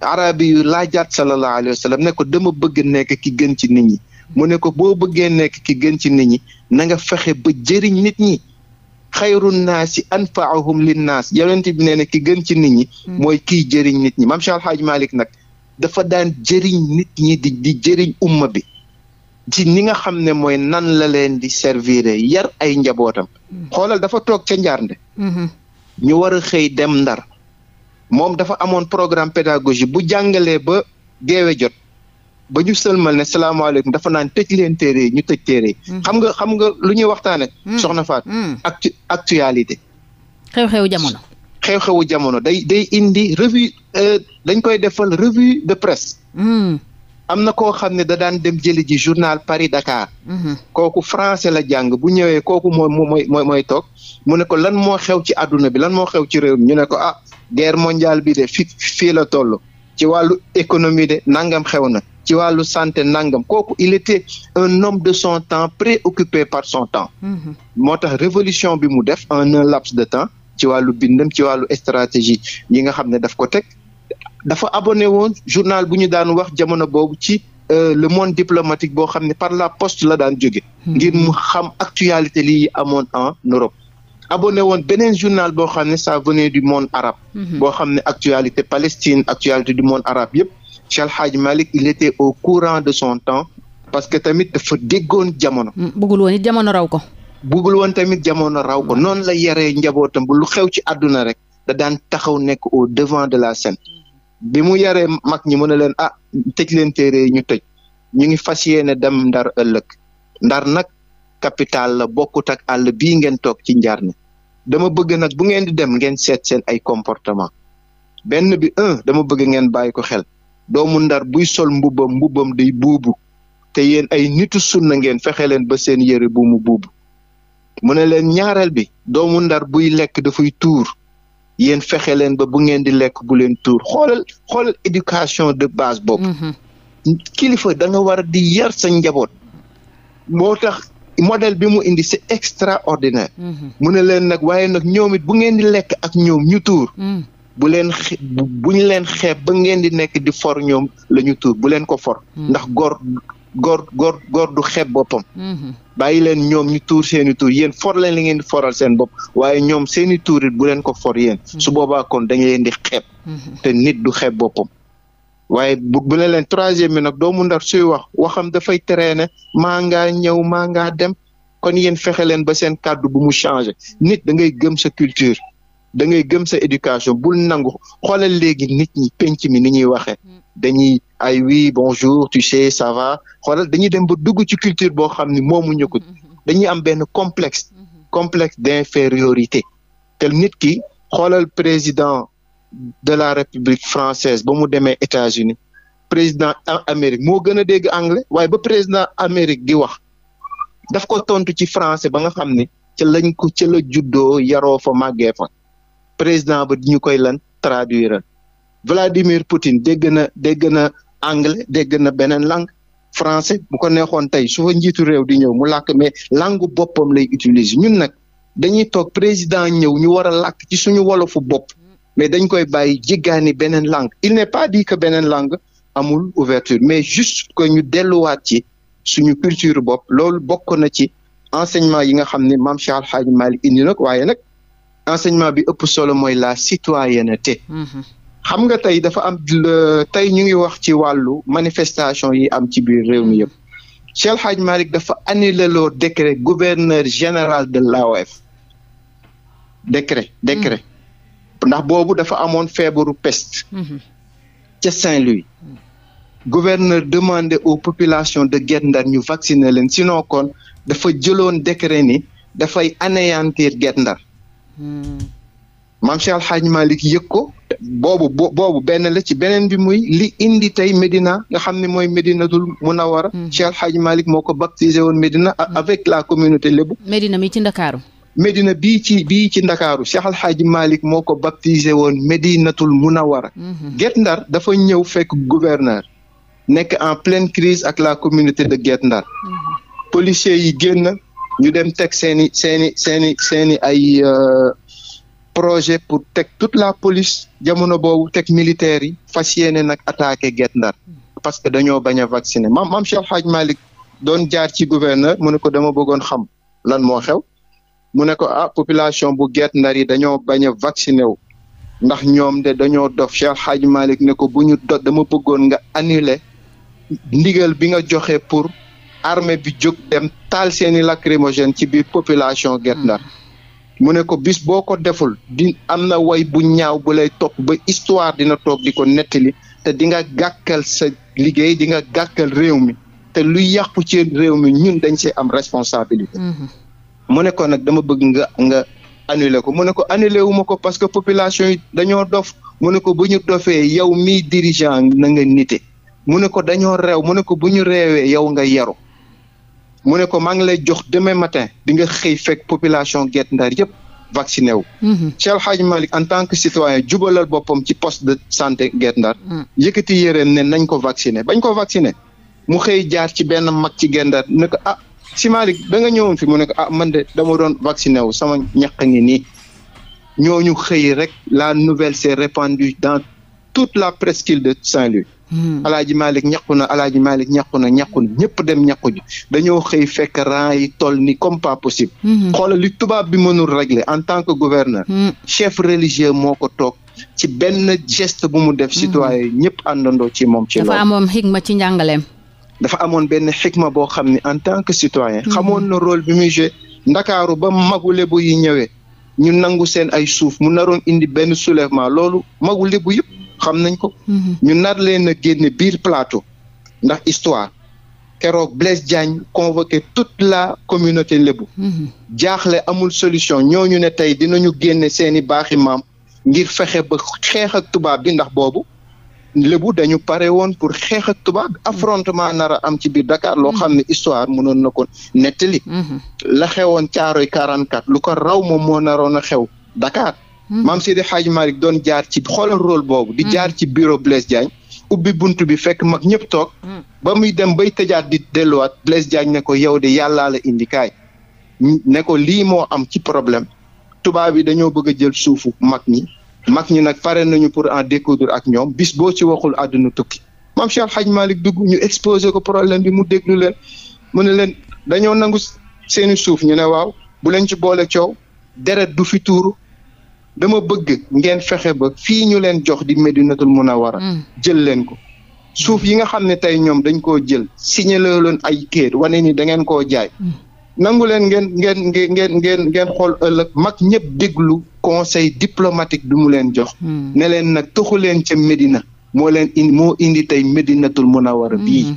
arabi yu laajaat sallallahu alayhi wa sallam ne ko dama bëgg nekk ki gën ci nit ñi mu ne ko boo bëggee nekk ki gën ci nit ñi nanga fexe ba jëriñ nit ñi xayru naasi anfaahum linnaas yonent bi nee na ki gën ci nit ñi mm. mooy kiy jëriñ nit ñi maam Cheikh Al Hadj nag dafa daan jëriñ nit ñi di di jëriñ umma bi ci nga xam ne mooy nan la leen di servir yar ay njabootam. xoolal dafa toog ca njaarnde. Mm-hmm. ñu war a xëy dem ndar. moom dafa amoon programme pédagogie bu jàngalee ba geewe jot ba ñu sëlmal ne salaamaaleykum dafa naan tëj leen téere ñu tëj téere mm-hmm. xam nga xam nga lu ñuy waxtaane mm-hmm. soxna Faat actu actualité. xew-xewu jamono. xew-xewu jamono day day indi revue euh, dañ koy defal revue de presse. am na koo xam ne da daan dem jëli ji journal Paris Dakar. Mhm. kooku français la jàng bu ñëwee kooku mooy mooy mooy mooy toog mu ne ko lan moo xew ci àdduna bi lan moo xew ci réew mi ñu ne ko ah guerre mondiale bi de fi la toll ci wàllu économie de nangam xew na ci wàllu santé nangam kooku il était un homme de son temps préoccupé par son temps. Mhm. moo tax révolution bi mu def en un laps de temps ci wàllu bindam ci wàllu stratégie yi nga xam ne daf ko teg. dafa abonné woon journal bu ñu daan wax jamono boobu ci euh, le monde diplomatique boo xam ne par la poste la daan joge hmm. ngir mu xam actualité lii amoon en Europe abonne woon beneen journal boo xam ne ça venait du monde arab hmm. boo xam ne actualité Palestine actualité du monde arab yëpp Cheikh El Hadj Malick il était au courant de son temps parce que tamit dafa déggoon jamono hmm, bëggul woon jamono raw ko bëggul woon tamit jamono raw ko noonu la yaree njabootam bu lu xew ci àdduna rek da daan taxaw nekk au devant de la scène bi mu yaree mag ñi mu ne leen ah tëj leen téere yi ñu tëj ñu ngi fas yéene dem ndar ëllëg ndar nag capital la bokkut ak àll bii ngeen toog ci njaar ne dama bëgg nag bu ngeen di dem ngeen seet seen ay comportement benn bi un dama bëgg ngeen bàyyi ko xel doomu ndar buy sol mbubam mbubam di buubu te yéen ay nitu sunna ngeen fexe leen ba seen yére bu mu buubu mu ne leen ñaareel bi doomu ndar buy lekk dafay tuur yéen fexe leen ba bu ngeen di lekk bu leen tuur xoolal xoolal éducation de base boobu. Mhm. kilifa danga nga war di yar sa njaboot. moo tax modèle bi mu indi c'est extraordinaire. Mhm. mu ne leen nag waaye nag ñoom bu ngeen di lekk ak ñoom ñu tuur. Mhm. bu leen xe bu ñu leen ba ngeen di nekk di for ñoom la ñu tuur ko for. ndax góor góor góor góor du xeeb boppam. Mm-hmm. bàyyi leen ñoom ñu tuur seen i tuur yéen for leen li ngeen di foral seen bopp waaye ñoom seeni i bu leen ko for yéen. Mm-hmm. su boobaa kon da leen di xeeb. Mm-hmm. te nit du xeeb boppam. waaye bu bu leen leen troisième bi nag doomu ndar suy wax waxam dafay traîner maa ngaa ñëw maa ngaa dem kon yéen fexe leen ba seen kàddu bu mu changer nit da ngay gëm sa culture. da ngay gëm sa éducation bul nangu xoola léegi nit ñi penc mi ni ñuy waxe dañuy ay oui bonjour tu sais ça va dañuy dem ba dugg ci culture boo xam ni moomuñu ko mm-hmm. dañuy am benn complex mm-hmm. complexe d'infériorité te nit ki xoolal président de la République française ba mu demee États-Unis président Amérique moo gën a dégg anglais waaye ba président Amérique di wax daf ko tontu ci français ba nga xam ni ca lañ ko ca la juddoo yaroo fa màggee fa président ba di ñu koy lan traduire Vladimir Poutine dégg na anglais dégg na beneen langue français bu ko neexoon tey su njiitu réew di ñëw mu làkk mais langue boppam lay utiliser ñun nag dañuy toog président ñëw ñu war lakk ci suñu wolofu bopp mais dañ koy bàyyi jéggaani beneen langue il n'est pas dit beneen langue amul ouverture mais juste que ñu delluwaat ci suñu culture bopp loolu bokk na ci enseignement yi nga xam ne maam Cheikh Al Hadj Malick indi nag waaye nag enseignement bi ëpp solo mooy la citoyenneté. Mm -hmm. xam nga tey dafa am tey ñu ngi wax ci wàllu manifestation yi am ci biir réew mi mm. yëpp Cheikh Hadj Malick dafa annulé loo décret gouverneur général de la l'AOF décret décret mm. ndax boobu dafa amoon feebaru peste mm-hmm. ca Saint-Louis gouverneur demandé aux populations de Guet Ndar ñu vacciner leen sinokon dafa jëloon décret ni dafay anéantir Guet Ndar mm. maam Cheikh Al Hadj Malick yëg ko boobu boobu benn la ci beneen bi muy li indi tey Médina nga xam ne mooy Médinatul Munawara. Mm. Cheikh El xaaj Malick moo ko baptisé woon Médina mm. avec la communauté lébu. Médina mi ci Ndakaaru. Médina bii ci bii ci Ndakaaru Cheikh El moo ko baptisé woon Médinatul Munawara. Mm-hmm. Guet Ndar dafa ñëw fekk gouverneur. nekk en pleine crise ak la communauté de Guet Ndar. Mm-hmm. policiers yi génn ñu dem teg seeni seeni seeni seeni ay euh, projet pour teg toute la police jamono boobu teg militaires yi fas yéene nag attaqué Guet Ndar parce que dañoo bañ a vacciné maam maam Cheikh Hadj Malick doon jaar ci gouverneur mu ne ko dama bëggoon xam lan moo xew mu ne ko ah population bu Guet Ndar yi dañoo bañ a vacciné wu ndax ñoom de dañoo dof Cheikh xaj Malick ne ko bu ñu dama bëggoon nga annuler ndigal bi nga joxe pour armée bi jóg dem taal seeni lacrymogène ci biir population Guet mu ne ko bis boo ko deful di am na way bu ñaaw bu lay topp ba histoire dina toog di ko nettali te dinga gàkkal sa liggéey dinga gàkkal réew mi te lu yàqu ci réew mi ñun dañ see am responsabilité. Mm-hmm. mu nag dama bëgg nga nga annulé ko mu ne ko annulé wu ko parce que population dañoo dof mu ne ko bu ñu dofee yow mii dirigeant na nga nite mu ne ko dañoo réew mu ne ko bu ñu réewee yow nga yaru mu ne ko maa ngi lay jox demain matin di nga xëy fekk population Guet Ndar yëpp vacciné wu. Mhm. Cheikh El Hadj Malick en tant que citoyen jubalal boppam ci poste de santé Guet Ndar. Mhm. yëkkati yéreem ne nañ ko vacciné bañ ko vacciné mu xëy jaar ci benn mag ci Guet Ndar ne ah si Malick da nga ñëwoon fi mu ne ah man de dama doon vacciné wu sama ñaq ngi nii. ñooñu xëy rek la nouvelle s'est répandue dans toute la presqu'île de saint Hmm. alaaji Malick ñàqu na alaaji Malick ñàqu na ñàqu na ñëpp dem ñàqu ji dañoo xëy fekk rang yi toll ni comme pas possible hmm. xoolal li tubaab bi mënul régler en tant que gouverneur hmm. chef religieux moo ko toog ci benn geste bu mu def citoyen ñëpp àndandoo ci moom ci loolu dafa amoon ci njàngaleem dafa amoon benn xigma boo xam ne en tant que citoyen xamoon na rôle bi muy joué ndakaaru ba magu lebu yi ñëwee ñu nangu seen ay suuf mu naroon indi benn soulèvement loolu magu lebu yëpp xam nañ ko. Mhm. ñu nar leen a génne biir plateau ndax histoire keroog Blaise Diagne convoqué toute la communauté lébu. Mhm. jaaxle amul solution ñooñu ne tey dinañu génne seen i baaxi maam ngir fexe xeexak xeex tubaab bi ndax boobu. lébu dañu pare woon pour xeex ak tubaab mhm. affrontement nar am ci biir Dakar loo xam ne histoire mënoon na ko nettali. la xewoon caaroy 44 lu ko raw moom moo naroon a xew Dakar. Hmm. maam Seydi xaaj Malick doon jaar ci xoolal rôle boobu. di hmm. jaar ci bureau Blaise Diagne. ubbi bunt bi fekk mag ñëpp toog. Hmm. ba muy dem bay tëjaat di delluwaat Blaise jaañ ne ko yow de yàllaa la indi kaay. ko lii moo am ci problème tubaab yi dañoo bëgg a jël suufu mag ñi. mag ñi nag pare nañu pour en découdre ak ñoom bis boo ci waxul àdduna tukki. mam Cheikh Al Hadj Malick ñu exposé ko problème bi mu déglu leen mu ne leen dañoo nangu seeni suuf ñu ne waaw bu leen ci boole coow deret du fi tuuru dama bëgg ngeen fexe ba fii ñu leen jox di a Munawara mm. jël leen ko suuf yi nga xam ne tey ñoom dañ koo jël signé leen ay kéet wane ni da ngeen koo jaay mm. nangu leen ngeen ngeen ngeen ngeen ngeen xool ëllëg mag ñëpp déglu conseil diplomatique bi mu leen jox mm. ne leen nag toxu leen ca Medina moo leen indi moo indi tey médinatul Medinatul Munawara bii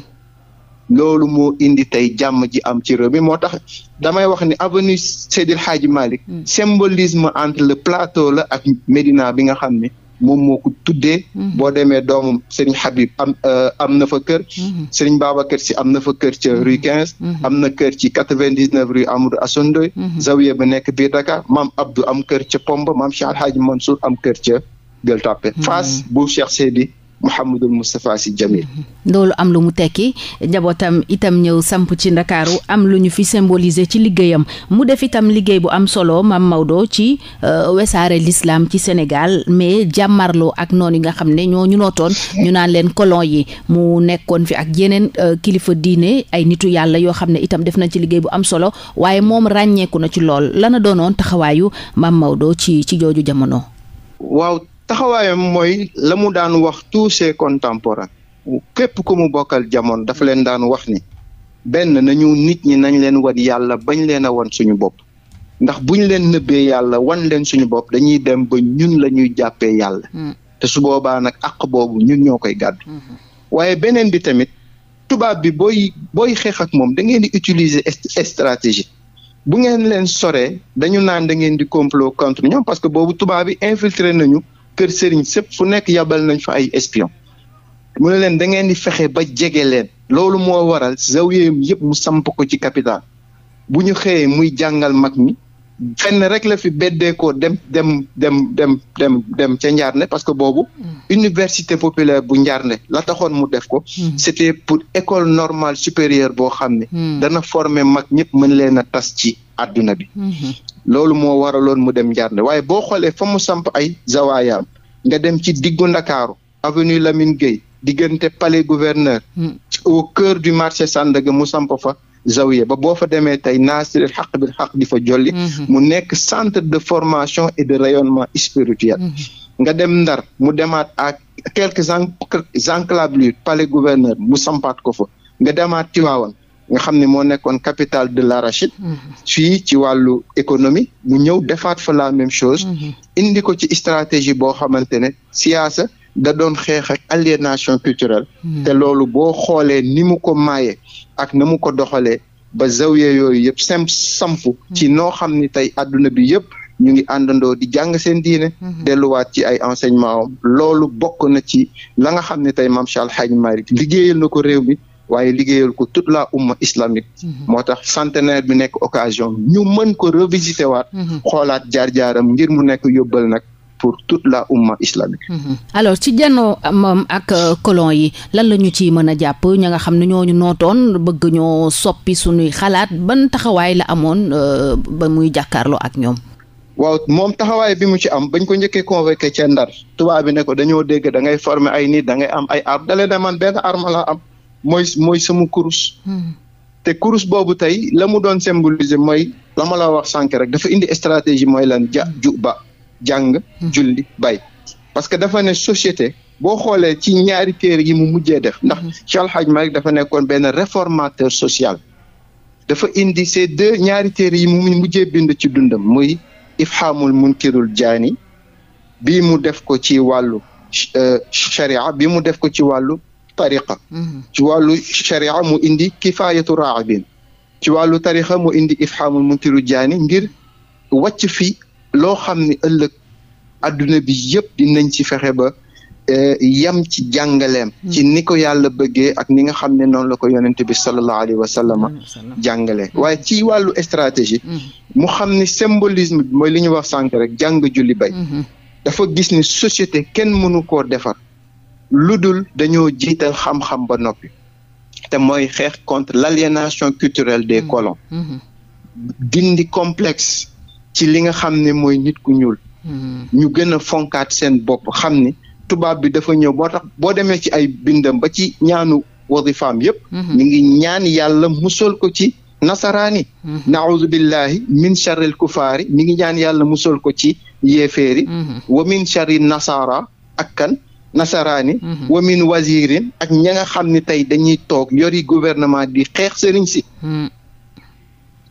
loolu moo indi tey jàmm ji am ci réew mi moo tax damay wax ni avenue Seydil Hadji Malick mm. symbolisme entre le plateau la ak Médina bi nga xam ne moom moo ko tuddee mm-hmm. boo demee doomu Serigne Habib am euh, am na fa kër mm-hmm. Serigne Babacar Sy am na fa kër ca mm-hmm. rue am na kër ci quatre-vingt-dix-neuf rue Amadou Assane Ndoye Zawiya ba nekk biir Dakar maam Abdou am kër ca Pomba maam Cheikh Alhaji Mansour am kër ca Gueule Tapée face bu Cheikh Seydi Mouhamadul Moustapha Sy Djamil loolu am lu mu tekki njabootam itam ñëw samp ci ndakaaru am lu ñu fi symboliser ci liggéeyam mu def itam liggéey bu am solo Mame Maodo ci euh, wesaare l'islam ci Sénégal mais jàmmarloo ak noonu yi nga xam ne ñoo nootoon ñu naan leen colon yi mu nekkoon fi ak yeneen euh, kilifa diine ay nitu yàlla yoo xam ne itam def nañ ci liggéey bu am solo waaye moom ràññeeku na ci lool lana doonoon taxawaayu Mame Maodo ci ci jooju jamono taxawaayam mooy la mu daan wax tous ses contemporains képp ku mu bokkal jamono dafa leen daan wax ni benn nañu nit ñi nañ leen wan yàlla bañ leen a wan suñu bopp ndax buñ leen nëbbee yàlla wan leen suñu bopp dañuy dem ba ñun la ñuy jàppee yàlla hmm. te su boobaa nag àq boobu ñun ñoo koy gàddu hmm. waaye beneen bi tamit tubaab bi booy booy xeex ak moom da ngeen di utiliser stratégie bu ngeen leen soree dañu naan da ngeen di complot contre ñoom parce que boobu tubaab bi infiltré nañu kër sëriñ sëpp fu nekk yabal nañ fa ay espion mu ne leen da ngeen di fexe ba jege leen loolu moo waral zawiyeem yëpp mu samp ko ci capital bu ñu xëyee muy jàngal mag mi fenn rek la fi beddeekoo dem dem dem dem dem dem ca Njaarne parce que boobu mm. université populaire bu Njaarne la taxoon mu def ko mm. c'était pour école normale supérieure boo xam ne mm. dana former mag ñëpp mën leen a tas ci adduna bi mm-hmm. loolu moo waraloon mu dem Njaarne waaye boo xoolee fa mu samp ay zawaayaam nga dem ci diggu Ndakaaru avenue Lamine Gueye diggante palais gouverneur au cœur du marché Sandaga mu samp fa zawiya ba boo fa demee tey naasiril xaq bil xaq di fa jolli mhm. mu nekk centre de formation et de rayonnement spirituel mhm. nga dem ndar mu demaat à quelques enclaves palais gouverneur mu sampaat ko fa nga demaat Tivaouane nga xam ne moo nekkoon capitale de la l'arachide mhm. fii ci wàllu économie mu ñëw defaat fa la même chose indi ko ci stratégie boo xamante ne siyaasa da doon xeex ak aliénation culturelle te loolu boo xoolee ni mu ko maayee ak na mu ko doxalee ba zawiya yooyu yëpp sem samp ci noo xam ni tey àdduna bi yëpp ñu ngi àndandoo di jàng seen diine mhm. delluwaat ci ay enseignement am loolu bokk na ci la nga xam ne tey maam Cheikh Al Hadj Malick liggéeyal na ko réew mi waaye liggéeyal ko toute la umma islamique mhm. moo tax centenaire bi nekk occasion ñu mën ko revisiter waat mhm. xoolaat jaar-jaaram ngir mu nekk yóbbal nag pour toute la umma islamique. Mhm. alors ci jànnoo euh, moom ak euh, colon yi lan la ñu ci mën a jàpp ña nga xam ne ñooñu nootoon bëgg ñoo soppi suñuy xalaat ban taxawaay la amoon euh, ba muy jàkkaarloo ak ñoom. waaw moom taxawaay bi mu ci am bañ ko njëkkee convoqué ca Ndar tubaab bi ne ko dañoo dégg da ngay former ay nit da ngay am ay arme dalee ne man benn arme laa am mooy mooy kurus. Mhm. te kurus boobu tey la mu doon symboliser mooy la ma la wax sànq rek dafa indi stratégie mooy jàng hmm. julli bay parce que dafa ne société boo xoolee ci ñaari téere yi mu mujjee def ndax hmm. Cheikh Al ma Malick dafa nekkoon benn réformateur social dafa indi ces deux ñaari téere yi mu mujjee bind ci dundam muy ifhamul munkirul jaani bi mu def ko ci wàllu euh, sharia bi mu def ko ci wàllu tariqa hmm. ci wàllu mu indi kifayatu raabin ci wàllu tariqa mu indi ifhamul munkirul jaani ngir wàcc fi loo xam ni ëllëg adduna bi yëpp dinañ ci fexe ba eh, yam ci jàngaleem hmm. ci ni ko yàlla bëggee ak ni nga xam ne noonu la ko yonent bi sallallahu alayhi wa sallam hmm, jàngalee hmm. waaye ci wàllu stratégie mu xam ne symbolisme bi mooy li ñu wax sànq rek jàng julli bay dafa gis ni société kenn mënu koo defar lu dul dañoo jiital xam-xam ba noppi te mooy xeex contre l'aliénation culturelle des colons dindi complexe ci li nga xam ne mooy nit ku ñuul. Hmm. ñu gën a fonkaat seen bopp xam ni tubaab bi dafa ñëw boo tax boo demee ci ay bindam ba ci ñaanu wadifaam yëpp. mi hmm. ngi ñaan yàlla musal ko ci nasaraani. Hmm. naawuzu billahi min charril kufaari mi ngi ñaan yàlla musal ko ci yéeféeri. wa min charri nasara ak kan nasaraani. wa min wazirin ak ña nga xam ne tey dañuy toog yori gouvernement di xeex sëriñ si.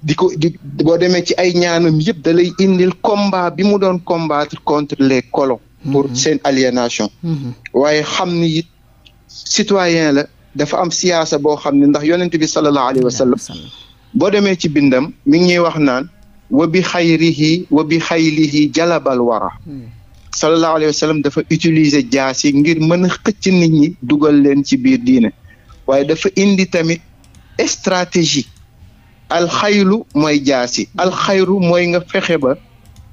di ko di boo demee ci ay ñaanam yëpp da lay indil combat bi mu doon combatre contre les colons. pour mhm. seen aliénation. Mhm. waaye xam ni it citoyen la dafa am siyaasa boo xam ne ndax yonent bi sallallahu alayhi wa boo demee ci bindam mi ngi ñuy wax naan. wa bi xayrihi wa bi xaylihi jalabal wara. Hmm. sallallahu alayhi wa sallam dafa utiliser jaas yi ngir mën a xëcc nit ñi dugal leen ci biir diine waaye dafa indi tamit stratégie. alxaylu mooy jaasi alxayru mooy nga fexe ba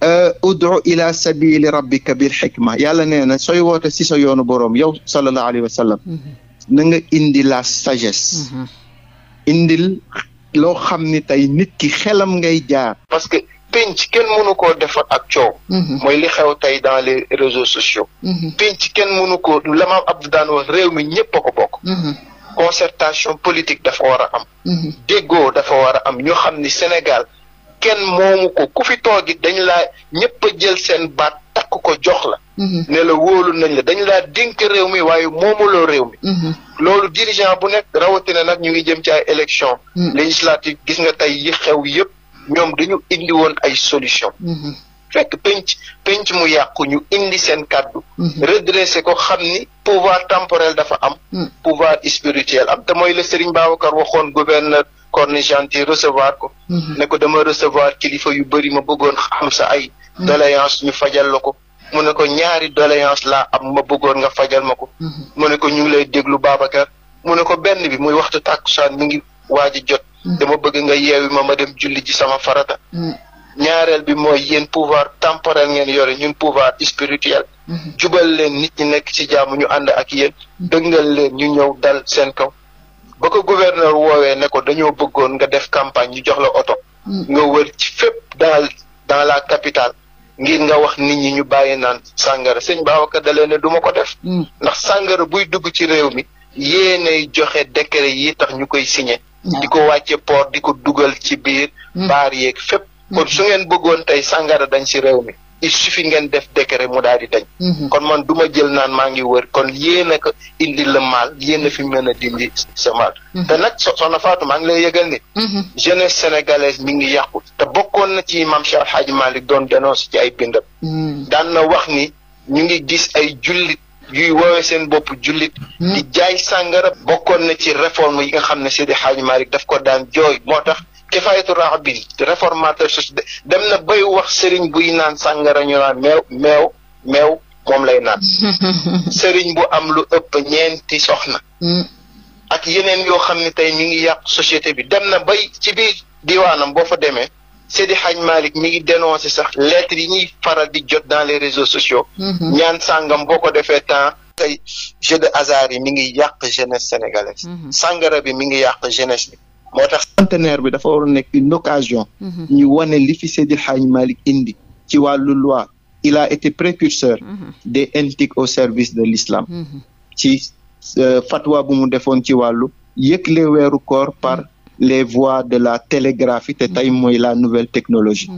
euh, ud'u ila sabili rabbika bil xikma yàlla nee na sooy woote si sa yoonu boroom yow sallallahu alayhi wa sallam mm-hmm. na indi la sagesse mm-hmm. indil loo xam ni tey nit ki xelam ngay jaar parce que pénc kenn mënu koo defar ak coow mm-hmm. mooy li xew tey dans les réseaux sociaux pénc kenn mënu koo la maam Abdou daan wax mi ñëpp a bokk concertation politique dafa war a am. Mhm. déggoo dafa war a am ñu xam ni Sénégal kenn moomu ko ku fi toogi dañ la ñëpp jël seen baat takk ko jox la. Mhm. ne la wóolu nañ la dañ la dénk réew mi waaye moomuloo réew mi. Mhm. loolu dirigeant bu nekk rawatina nag ñu ngi jëm ci ay élection législative gis nga tey yi xew yëpp ñoom dañu indi woon ay solution fekk penc penc mu yàqu ñu indi seen kàddu mhm. redressé ko xam ni pouvoir temporel dafa am mhm. pouvoir spirituel am te mooy la Serigne Babacar waxoon gouverneur Cornigent di recevoir ko mhm. ne ko dama recevoir kilifa yu bëri ma bëggoon am sa ay doléance ñu fajal la ko mu ne ko ñaari doléance la am ma bëggoon nga fajal ma ko mu ne ko ñu ngi lay déglu Babacar mu ne ko benn bi muy waxtu tàkkusaan mu ngi waaj a jot dama bëgg nga yeewi ma ma dem julli ji sama farata ñaareel bi mooy yéen pouvoir temporel ngeen yore ñun pouvoir spirituel mhm. jubal leen nit ñi nekk ci jàmm ñu ànd ak yéen mhm. dëngal leen ñu ñëw dal seen kaw ba ko gouverneur woowee ne ko dañoo bëggoon nga def campagne ñu jox la oto mhm. nga wër ci fépp dans dans la capitale ngir nga wax nit ñi ñu bàyyi naan sàngara sëñ Babacar da leen ne du ko def ndax sangara buy dugg ci réew mi yéenay joxe décret yi tax ñu koy siñe di ko wàcce port di ko dugal ci biir baar kon su ngeen bëggoon tey sàngara dañ si réew mi il suffit ngeen def décret mu daal di dañ. Mhm. kon man du ma jël naan maa ngi wër kon yéen a ko indi la maal yéen a fi mën a dindi sa maal. Mhm. te nag soxna Fatou maa ngi lay yëgal ni. Mhm. jeunesse sénégalaise mi ngi yàqu. te bokkoon na ci maam Cheikh Hadji Malick doon dénoncé ci ay bindam. daan na wax ni ñu ngi gis ay jullit. yuy woowee seen bopp jullit. di jaay sàngara bokkoon na ci réforme yi nga xam ne Seydi Hadji Malick daf ko daan jooy moo tax. kifaayatu raxabin réformateur dem na bay wax sëriñ buy naan sangara ñu naan meew meew meew moom lay naan sëriñ bu am lu ëpp ñeenti soxna mm. ak yeneen yoo xam ne tey ñu ngi yàq société bi dem na bay ci biir diwaanam boo fa demee Seydi Hadj Malick mi ngi dénoncé sax lettres yi ñuy faral di jot dans les réseaux sociaux mm-hmm. ñaan sangam boo ko defee temps tey jeu de hasard yi mi ngi yàq jeunesse sénégalaise mm-hmm. sàngara bi mi ngi yàq jeunesse bi moo tax centenaire bi dafa war nekk une occasion. Mhm. ñu wane li fi Seydi El indi ci wàllu loi il a été précurseur. Mhm. des NTIC au service de l'islam. Mhm. ci euh, fatwa bu mu defoon ci wàllu yëgle weeru koor par les voies de la télégraphie te tey mooy la nouvelle technologie.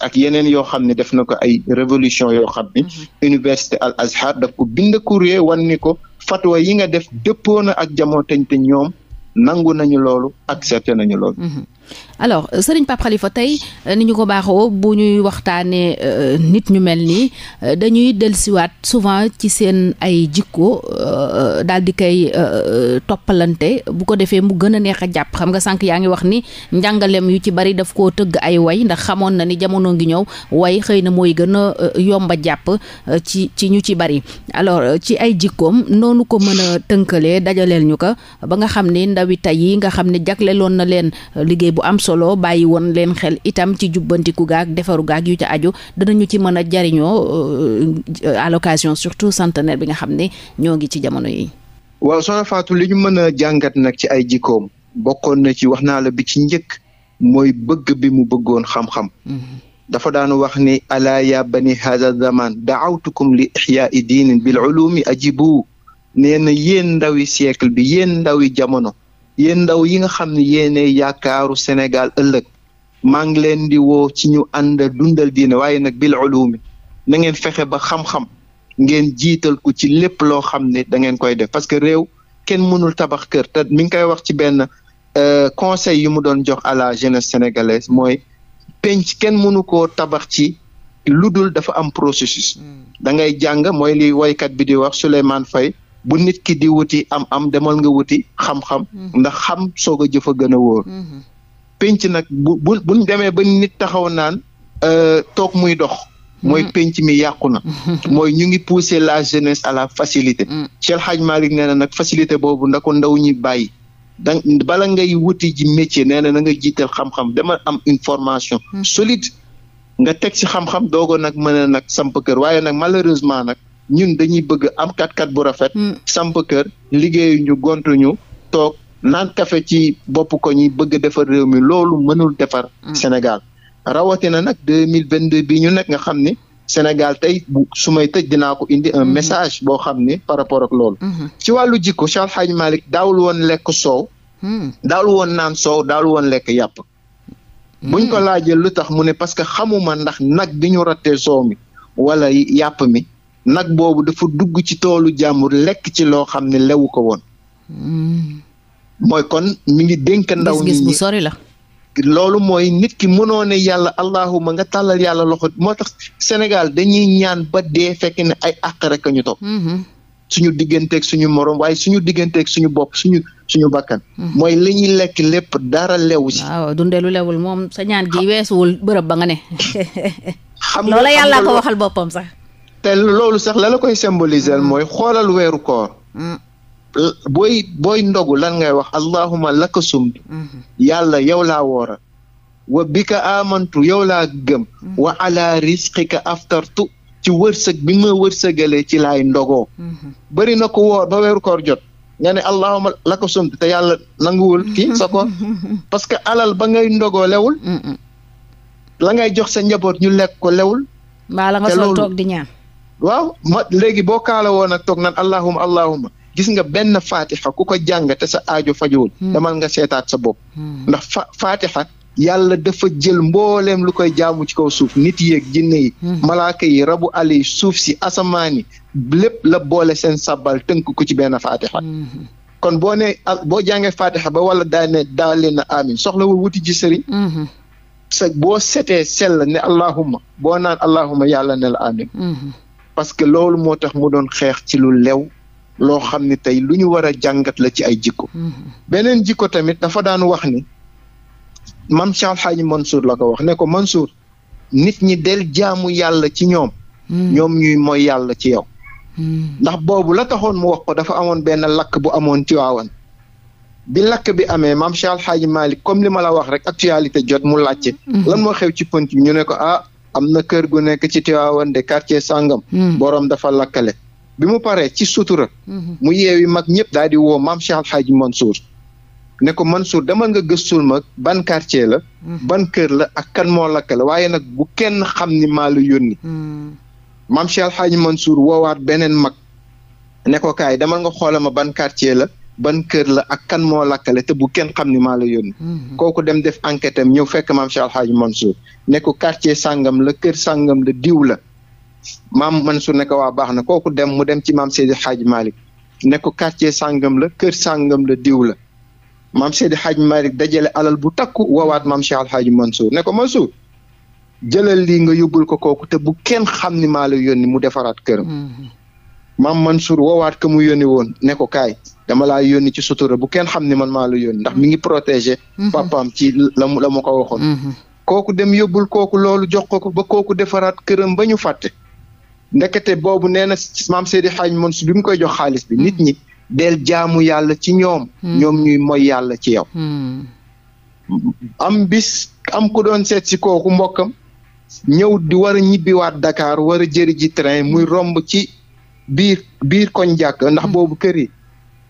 ak yeneen yoo xam ne def na ko ay révolution yoo xam ni université al azhar daf ko bind courrier ni ko fatwa yi nga def dëppoo na ak jamono te ñoom nangu nañu loolu accepté nañu loolu. Mm-hmm. alors euh, sëriñ Pape Khalifa tey euh, ni ñu ko baaxoo bu ñuy waxtaanee euh, nit ñu mel nii dañuy dellusiwaat souvent ci seen ay jikko daal di koy toppalante bu ko defee mu gën a neex a jàpp xam nga sànq yaa ngi wax ni njàngalem yu ci bari daf koo tëgg ay way ndax xamoon na ni jamono ngi ñëw way xëy na mooy gën a yomb a jàpp ci ci ñu ci bari alors ci ay jikkoom noonu ko mën a tënkalee dajaleel ñu ko ba nga xam ne ndawi tey yi nga xam ne jagleeloon na leen liggéey bu am solo bàyyi woon leen xel itam ci jubbantiku gaag defaru gaag yu ca aju danañu ci mën a jariñoo à euh, l'occasion surtout centenaire bi nga xam ne ñoo ngi ci jamono yi. waaw soxna Fatou li ñu mën a jàngat nag ci ay jikkoom bokkoon na ci wax naa la bi ci njëkk mooy bëgg bi mu bëggoon xam-xam. Mm-hmm. dafa daan wax ni ala ya bani hadha zaman daawtukum li ixyaai diinin bil ulumi ajibu nee na yéen ndawi siècle bi yéen ndawi jamono yéen ndaw yi nga xam ne yéene yaakaaru Sénégal ëllëg maa ngi leen di woo ci ñu ànd dundal diine waaye nag bil ulumi na ngeen fexe ba xam-xam ngeen jiital ko ci lépp loo xam ne da ngeen koy def parce que réew kenn mënul tabax kër te mi ngi koy wax ci benn euh, conseil yu mu doon jox à la jeunesse sénégalaise mooy penc kenn mënu koo tabax ci lu dul dafa am processus hmm. da ngay jàng mooy li woykat bi di wax Souleymane fay bu nit ki di wuti am am demal nga wuti xam-xam mhm. ndax xam soog a jëf a gën a wóor mhm. pénc nag bu bu demee ba nit taxaw naan euh, toog muy dox mooy mhm. pénc mi yàqu na mooy ñu ngi pousser la jeunesse à la facilité Cheikh Hadj Malick nee na nag facilité boobu nda ko ndaw ñi bàyyi da bala ngay wuti ji métier nee na na nga jiital xam-xam dama am information formation nga teg ci xam-xam doogo nag mën a nag samp kër waaye nag malheureusement nag ñun dañuy bëgg am kat-kat bu rafet. Mm. samp kër liggéeyuñu gontuñu toog naan kafe ci bopp ko ñi bëgg defar réew mi loolu mënul defar. Mm. Sénégal rawatina nag deux mille vingt deux bii ñu nekk nga xam ni Sénégal tey bu su may tëj dinaa ko indi un mm. message boo xam ni par rapport ak loolu. Mm-hmm. ci wàllu jikko Cheikh Hadj Malick daawul woon lekk soow. daal woon naan soow daal woon lekk yàpp. buñ ko laajee lu tax mu ne parce que xamuma ndax nag bi ñu rattee soow mi wala yàpp mi. nag boobu dafa dugg ci toolu jàmbur lekk ci loo xam ne lewu ko woon hmm. mooy kon mi ngi dénk ndaw gis bu sori la loolu mooy nit ki mënoo ne yàlla allahuma nga tàllal yàlla loxo moo tax Sénégal dañuy ñaan ba dee fekk ne ay àq rek ñu topp hmm. suñu digganteeg suñu moroom waaye suñu digganteek suñu bopp suñu suñu bakkan hmm. mooy li ñuy lekk lépp dara lewu ci waaw dundee lewul moom sa ñaan gi weesuwul bërëb ba nga ne loola yàlla ko waxal boppam sax te loolu sax la la koy symboliser mooy xoolal weeru koor mm. booy ndogu lan ngay wax allahuma laka sumtu mm-hmm. yàlla yow laa woora wa bika amantu yow la gëm mm-hmm. wa ala risqika aftartu ci wërsëg bi ma wërsëgalee ci laay ndogoo mm-hmm. bëri na woor ba weeru jot nga allahuma laka te yàlla nanguwul kii sa parce que alal ba ngay ndogoo lewul la ngay jox sa njaboot ñu lekk ko lewul mbaa la waaw ma léegi boo kaala woon ak toog naan allahuma allahuma gis nga benn fatiha ku ko jàng te sa aajo fajowul hmm. man nga seetaat sa bopp hmm. ndax fa fatiha yàlla dafa jël mbooleem lu koy jaamu ci kaw suuf nit yeeg jinne yi hmm. malaaka yi rabu ali suuf si asamaan yi lépp la boole seen sabbal tënk ko ci benn fatiha kon boo ne boo jàngee fatiha ba wala daa ne na amin soxlawul wuti ji sëriñ sa boo setee sell ne allahuma boo naan allahuma yàlla ne la amin parce que loolu moo tax mu doon xeex ci lu lew loo xam ni tey lu ñu war a jàngat la ci ay jikko mm-hmm. beneen jikko tamit dafa daan wax ni mam Cheikh Alxaaji Mansour la ko wax ne ko Mansour nit ñi del jaamu yàlla ci ñoom mm-hmm. ñoom ñuy mooy yàlla ci yow mm-hmm. ndax boobu la taxoon mu wax ko dafa amoon benn lakk bu amoon Tiwaawan bi lakk bi amee maam Cheikh Alxaaji Malick comme li ma la wax rek actualité jot mu laajte lan moo xew ci pënt ñu ne ah am na kër gu nekk ci Tivaouane de quartier sangam. Hmm. borom dafa lakkale. bi mu paree ci sutura. Hmm. mu yeewi mag ñëpp daal di woo maam Cheikh Al Hadj Mansour. ne ko Mansour dama nga gëstul ma ban quartier la. Hmm. ban kër la ak kan moo lakkale waaye nag bu kenn xam ni maa la yónni. maam Cheikh Al woowaat beneen mag. ne ko kaay dama nga xoolal ma ban quartier la. ban kër la ak kan moo lakkale te bu kenn xam ni maa la yónni mhm. kooku dem def enquête am ñëw fekk maam Cheikh Alhaaji Mansour ne ko quartier sàngam la kër sàngam la diw la maam Mansour ne ko waa baax na kooku dem mu dem ci maam Seydi Hadj Malick ne ko quartier sàngam la kër sàngam la diw la maam Seydi Hadj Malick dajale alal bu takku woowaat maam Cheikh Alhaaji Mansour ne ko Mansour jëlal lii nga yóbbul ko kooku te bu kenn xam ni maa la yónni mu defaraat këram mhm. maam Mansour woowaat ka mu yónni woon ne kaay dama laa yónni ci sutura bu kenn xam ne man maa la yónni ndax mi ngi protéger. Mhm. papaam ci la mu la ma ko waxoon. Mhm. kooku dem yóbbul kooku loolu jox ko ko ba kooku defaraat këram ba ñu fàtte. ndekete boobu nee na maam Seydi Xaaj Mansuur bi mu koy jox xaalis bi mhm. nit ñi del jaamu yàlla ci ñoom. ñoom ñuy moy yàlla ci yow. am bis am ku doon seet si kooku mbokkam ñëw di war a ñibbiwaat Dakar war a jëri ji train muy romb ci biir biir koñ jàkk ndax boobu kër yi.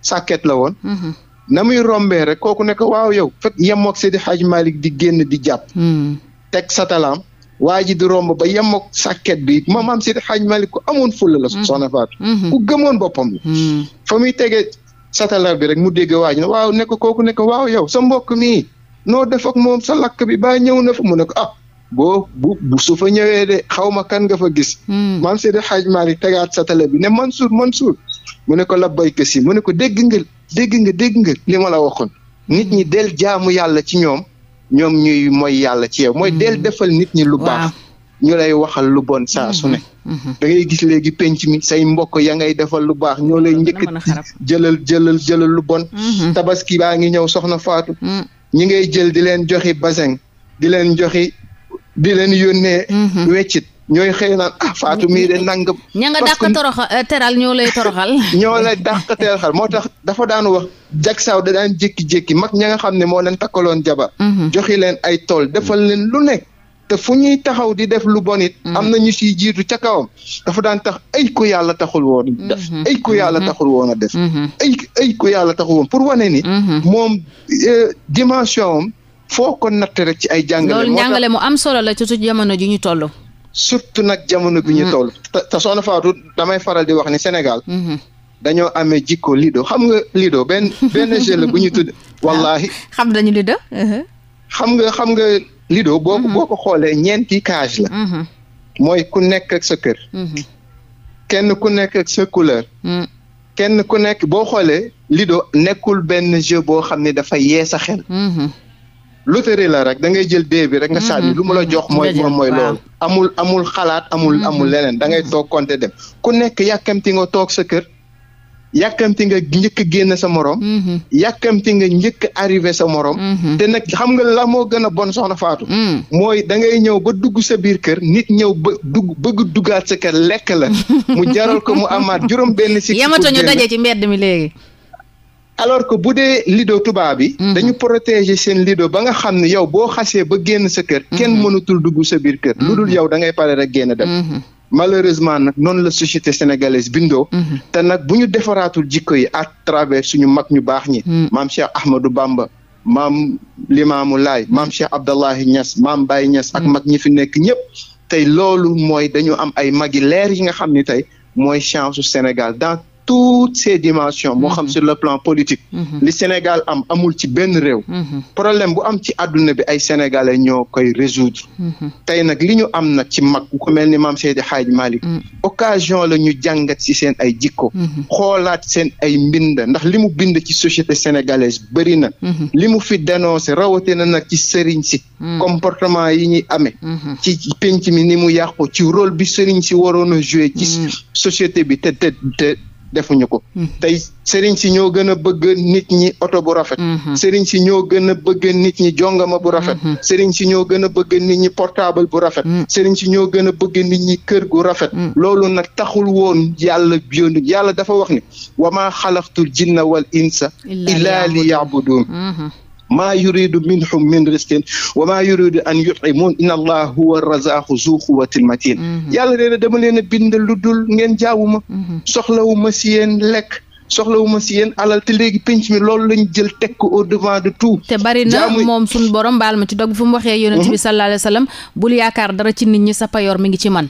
sàkket la woon. Mm-hmm. na muy rombe rek kooku ne ko waaw yow fekk yemook Seydi Hadj di génn di jàpp. Mm-hmm. teg satalaam waa ji di romb ba yemook saket bi moom maam Seydi Hadj Malick ku amoon fulla la. Mm-hmm. soxna Fatou. ku gëmoon boppam la. fa muy tegee satalaam bi rek mu dégg waa ji ne waaw ne ko kooku ne ko sa mbokk mi noo def ak moom sa lakk bi ba ñaw na fa mu ne a ah. boo bu su fa ñëwee de xaw ma kan nga fa gis. maam Seydi Hadj Malick tegaat satala bi ne man Mansour. mu ne ko labbayka si mu ne ko dégg nga dégg nga dégg nga li ma la waxoon nit ñi mm. del jaamu yàlla ci ñoom ñoom ñuy mooy yàlla ci yow mooy mm. del defal nit ñi lu baax ñu lay waxal lu bon saa su ne mm-hmm. Mm-hmm. da ngay gis léegi penc mi say mbokk ya ngay defal lu baax ñoo lay njëkk jëlal jëlal jëlal lu bon mm-hmm. tabaski baa ngi ñëw soxna Faatu mm. ñi ngay jël di leen joxi basin di leen joxi di leen yónnee weccit ñooy xëy naan ah Fatou mii de nangam. ña nga dàq toroxal euh, teral ñoo lay toroxal. ñoo lay dàq toroxal moo tax dafa daan wax jag saw da daan jékki-jékki mag ña nga xam ne moo leen takkaloon jabar. Mhm. joxi leen ay tool defal leen lu nekk. te fu ñuy taxaw di def lu bon it. Mhm. am na ñu siy jiitu ca kawam. dafa daan tax ay ku yàlla taxul woon. def mhm. ay ku yàlla taxul woon a def. ay ay ku yàlla taxul woon pour wane ni. moom euh, dimension am foo kon natt rek ci ay. jàngale moo tax loolu mu am solo la ci jamono ji ñu toll. surtout nag jamono bi ñu mm-hmm. toll. te soxna Fatou damay faral di wax ni Sénégal. Mm-hmm. dañoo amee jikko lido xam nga lido benn benn jeu la bu ñu tudd. wallaahi ah, xam nañu lido. Uh-huh. xam nga xam nga lido boo mm-hmm. boo ko xoolee ñeenti cage la. mooy ku nekk ak sa kër. kenn ku nekk ak mm. kenn ku nekk boo xoolee lido nekkul benn jeu boo xam ne dafa yee sa xel. loterie la rek da ngay jël dee bi rek nga mhm. sànni lu mu la jox mooy moom mooy loolu amul amul xalaat amul mhm. amul leneen da ngay toog compter dem ku nekk yàkkamti nga toog sa kër yàkkamti nga njëkk génn sa morom mhm. yàkkamti nga njëkk arrivé sa morom te nag xam nga la moo gën a bon soxna faatu mooy da ngay ñëw ba dugg sa biir kër nit ñëw ba dugg bëgg duggaat sa kër lekk la mu jaral ko mu amaat juróom benn si yamatuñu daje ci mbedd mi léegi alors que bu dee lido tubaab yi mhm. dañu protéger seen lido ba nga xam ne yow boo xasee ba génn sa kër. Mhm. kenn mënatul dugg sa biir kër. lu dul mhm. yow da ngay pare rek génn dem. malheureusement nag noonu la société sénégalaise bindoo. te nag bu ñu defaraatul jikko yi à travers suñu mag ñu baax ñi. maam Cheikh Ahmadou Bamba. maam Limaamu Laay maam Cheikh Abdallahi ñas maam Baye ñas ak mag ñi fi nekk ñëpp. tey loolu mooy dañu am ay magi leer yi nga xam ni tey mooy chance su Sénégal dans toutes ces dimensions moo xam mm-hmm. sur le plan politique mm-hmm. li Sénégal am amul ci benn réew mm-hmm. problème bu am ci àdduna bi ay sénégalais ñoo koy résoudre tey nag li ñu am nag ci mag ku mel ni maam Seydi Hadj Malick mm. occasion la ñu jàngat ci seen ay jikko xoolaat seen ay mbind ndax li mu bind ci société sénégalaise bëri na li mu fi dénoncé rawatina nag ci sëriñ si mm. comportement yi ñuy amee ci penc mi ni mu yàqu ci rôle bi sëriñ si waroon a ci mm. société bi te defuñu ko. Mm-hmm. tey sëriñ si ñoo gën a bëgg nit ñi oto bu rafet. Mm-hmm. sëriñ si ñoo gën a bëgg nit ñi jongama bu rafet. Mm-hmm. sëriñ si ñoo gën a bëgg nit ñi portable bu rafet. sëriñ si ñoo gën a bëgg nit ñi kër gu rafet. loolu nag taxul woon yàlla yónni yàlla dafa wax ni. wa maa xalaqtul jinna wal insa. illaa li yaabuduun maa yuridu minhum min riskin wa maa yuridu an yut'imun inna allah huwa razaqu zu quwwatil matin mhm. yàlla nee na dama leen a bind lu dul ngeen jaawuma soxlawu ma mhm. si yéen lekk soxlawu ma si yéen alal te léegi penc mi loolu lañ jël teg ko au de tout. te bari na moom suñu borom mbaal ma ci dogg fu mu waxee. yonent bi mhm. sallallahu alayhi wa sallam bul yaakaar dara ci nit ñi sa payoor mi ngi ci man.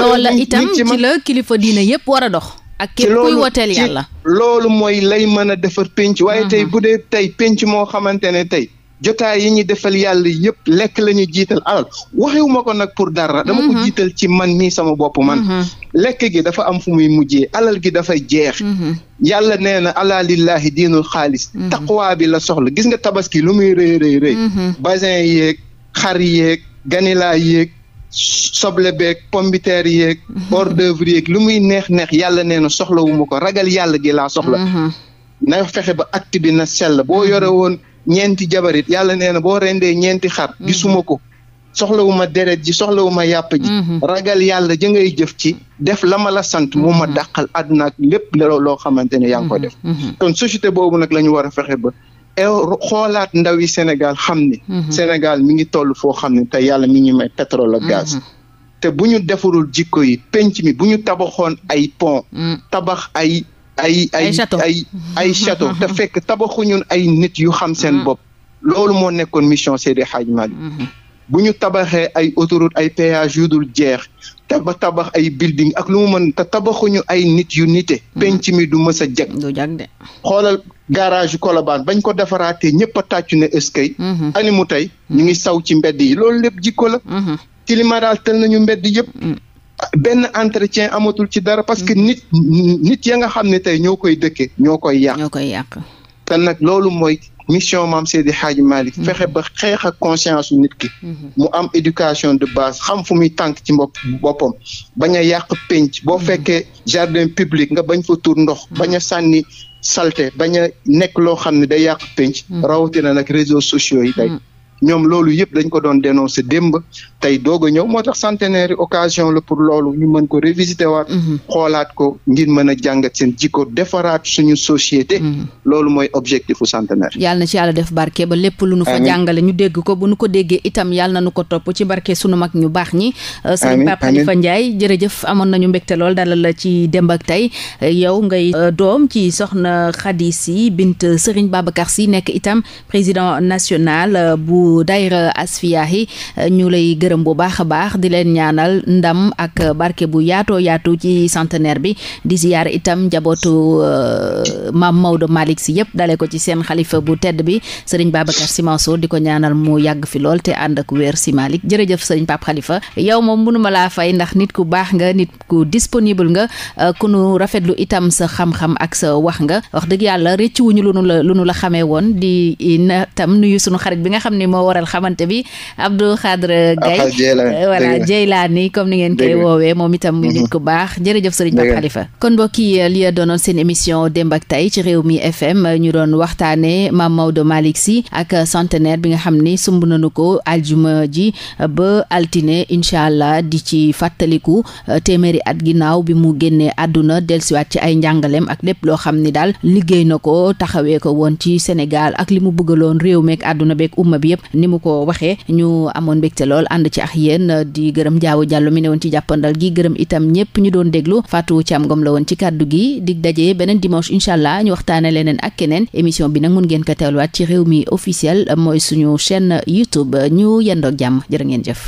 loola itam ci la kilifa diina yépp war a dox. ak képp kuy woteel yàlla loolu mooy lay mën a defar pénc waaye tey bu dee tey pénc moo xamante ne tey jotaay yi ñu defal yàlla yëpp lekk la ñu jiital alal waxewuma ko nag pour dara dama ko jiital ci man mii sama bopp man lekk gi dafa am fu muy mujjee alal gi dafay jeex yàlla nee na ala lillahi diinul xaalis taqwaa bi la soxla gis nga tabaski lu muy rëy basin yeeg xar yeeg ganilaa yeeg soble beeg pombiteer yeeg. Mhm. hors d'œuvre yeeg lu muy neex neex yàlla nee na soxlawuma ko ragal yàlla gi la soxla. Mhm. na fexe ba acte bi na sell boo mhm. yore woon ñeenti jabarit yàlla nee na boo rendee ñeenti xar. gisuma ko soxlawuma deret ji soxlawuma yàpp ji. ragal yàlla ja ngay jëf ci def la ma la sant mu ma dàqal àdduna ak lépp loo xamante ne yaa def. kon société boobu nag la ñu fexe ba. xoolaat ndaw yi Sénégal xam ni. Mhm. Sénégal mi ngi toll foo xam ne te yàlla mi ngi may pétrole ak gaz. Mhm. te bu ñu defarul jikko yi penc mi bu ñu tabaxoon ay pont. Mm. tabax ay ay ay ay ay château te fekk tabaxuñu ay nit yu xam seen mm. bopp. loolu moo nekkoon mission Seydi xaaj Malick mm-hmm. bu ñu tabaxee ay autoroute ay péage yu dul jeex. tabax tabax ay building ak lu mu mën te tabaxuñu ay nit yu nite. Mm. penc mi du mës a jag. du jag de. xoolal garage Colobane bañ ko defaraatee ñëpp a tàccu ne eskay. Mm-hmm. ani mu tey ñu mm-hmm. ngi saw ci mbedd yi loolu lépp jikko la. tilimaral mm-hmm. tel nañu mbedd yëpp. Mm. benn entretien amatul ci dara parce que mm. nit nit ya nga xam ne tey ñoo koy dëkke ñoo koy yàq. ñoo koy yàq. te loolu mooy mission maam Seydi Hadji Malick mhm. fexe ba xeex ak conscience u nit ki mhm. mu am éducation de base xam fu muy tànk ci mbokk boppam bañ a yàq pénc boo mhm. fekkee jardin public nga bañ fa tuur ndox bañ a sànni salte bañ a nekk loo xam ne day yàq pénc rawatina nag réseaux sociaux yi ñoom loolu yëpp dañ ko doon sa démb tey doog a ñëw moo tax centenaire occasion la pour loolu ñu mën ko révisiter waat mhm. xoolaat ko ngir mën a jàngat seen jikko defaraat suñu société mhm. loolu mooy objectifu centenaire yàlla na ci yàlla def barke ba lépp lu nu fa jàngale ñu dégg ko bu nu ko déggee itam yàlla na nu ko topp ci barke sunu mag ñu baax ñi euh, sëñ Pape Khalifa Ndiaye jërëjëf amoon nañu mbégte lool dalal la ci démb ak tey euh, yow ngay euh, doom ci soxna Khady Sy bint Serigne Babacar Sy nekk itam président national bu bu daayira Asfiyahi ñu lay baax baax di leen ñaanal ndam ak barke bu yaatoo yaatu ci centenaire bi di ziyaar itam njabootu euh, maam Maodo Malick si yëpp dale ko ci seen xalifa bu tedd bi sëriñ Babacar Sy di ko ñaanal mu yàgg fi lool te ànd ak wér si Malick jërëjëf sëriñ Pape xalifa yow moom mënuma laa fay ndax nit ku baax nga nit ku disponible nga euh, ku nu rafetlu itam sa xam-xam ak sa wax nga wax dëgg yàlla rëcc lu nu la lu nu la xamee woon di na tam nuyu sunu xarit bi nga xam ne moo waral xamante bi Abdou Khadre Gaye euh, voilà Jeylaani comme ni ngeen koy woowee moom itam muy mhm. baax jërëjëf sëriñ Pape Khalifa kon mbokk yi li doonoon seen émission démb ak tay ci réew mi FM ñu doon waxtaane Mame Maodo Malick si ak centenaire bi nga xam ni sumb nañu ko aljuma ji ba altine incha allah di ci fàttaliku euh, téeméeri at ginnaaw bi mu génnee àdduna dellusiwaat ci ay njàngaleem ak lépp loo xam ni daal liggéey na ko taxawee ko woon ci Sénégal ak li mu bëggaloon réew meek àdduna beek umma yëpp ni mu ko waxee ñu amoon mbégte lool ànd ci ak yéen di gërëm jaawu jàllu mi ne woon ci jàppandal gi gërëm itam ñëpp ñu doon déglu Fatou Thiam Ngom la woon ci kàddu gi dig daje beneen dimanche incha allah ñu waxtaane leneen ak keneen émission bi nag mun ngeen ko teewluwaat ci réew mi officiel mooy suñu chaîne YouTube ñu yendoog jàmm jërë ngeen jëf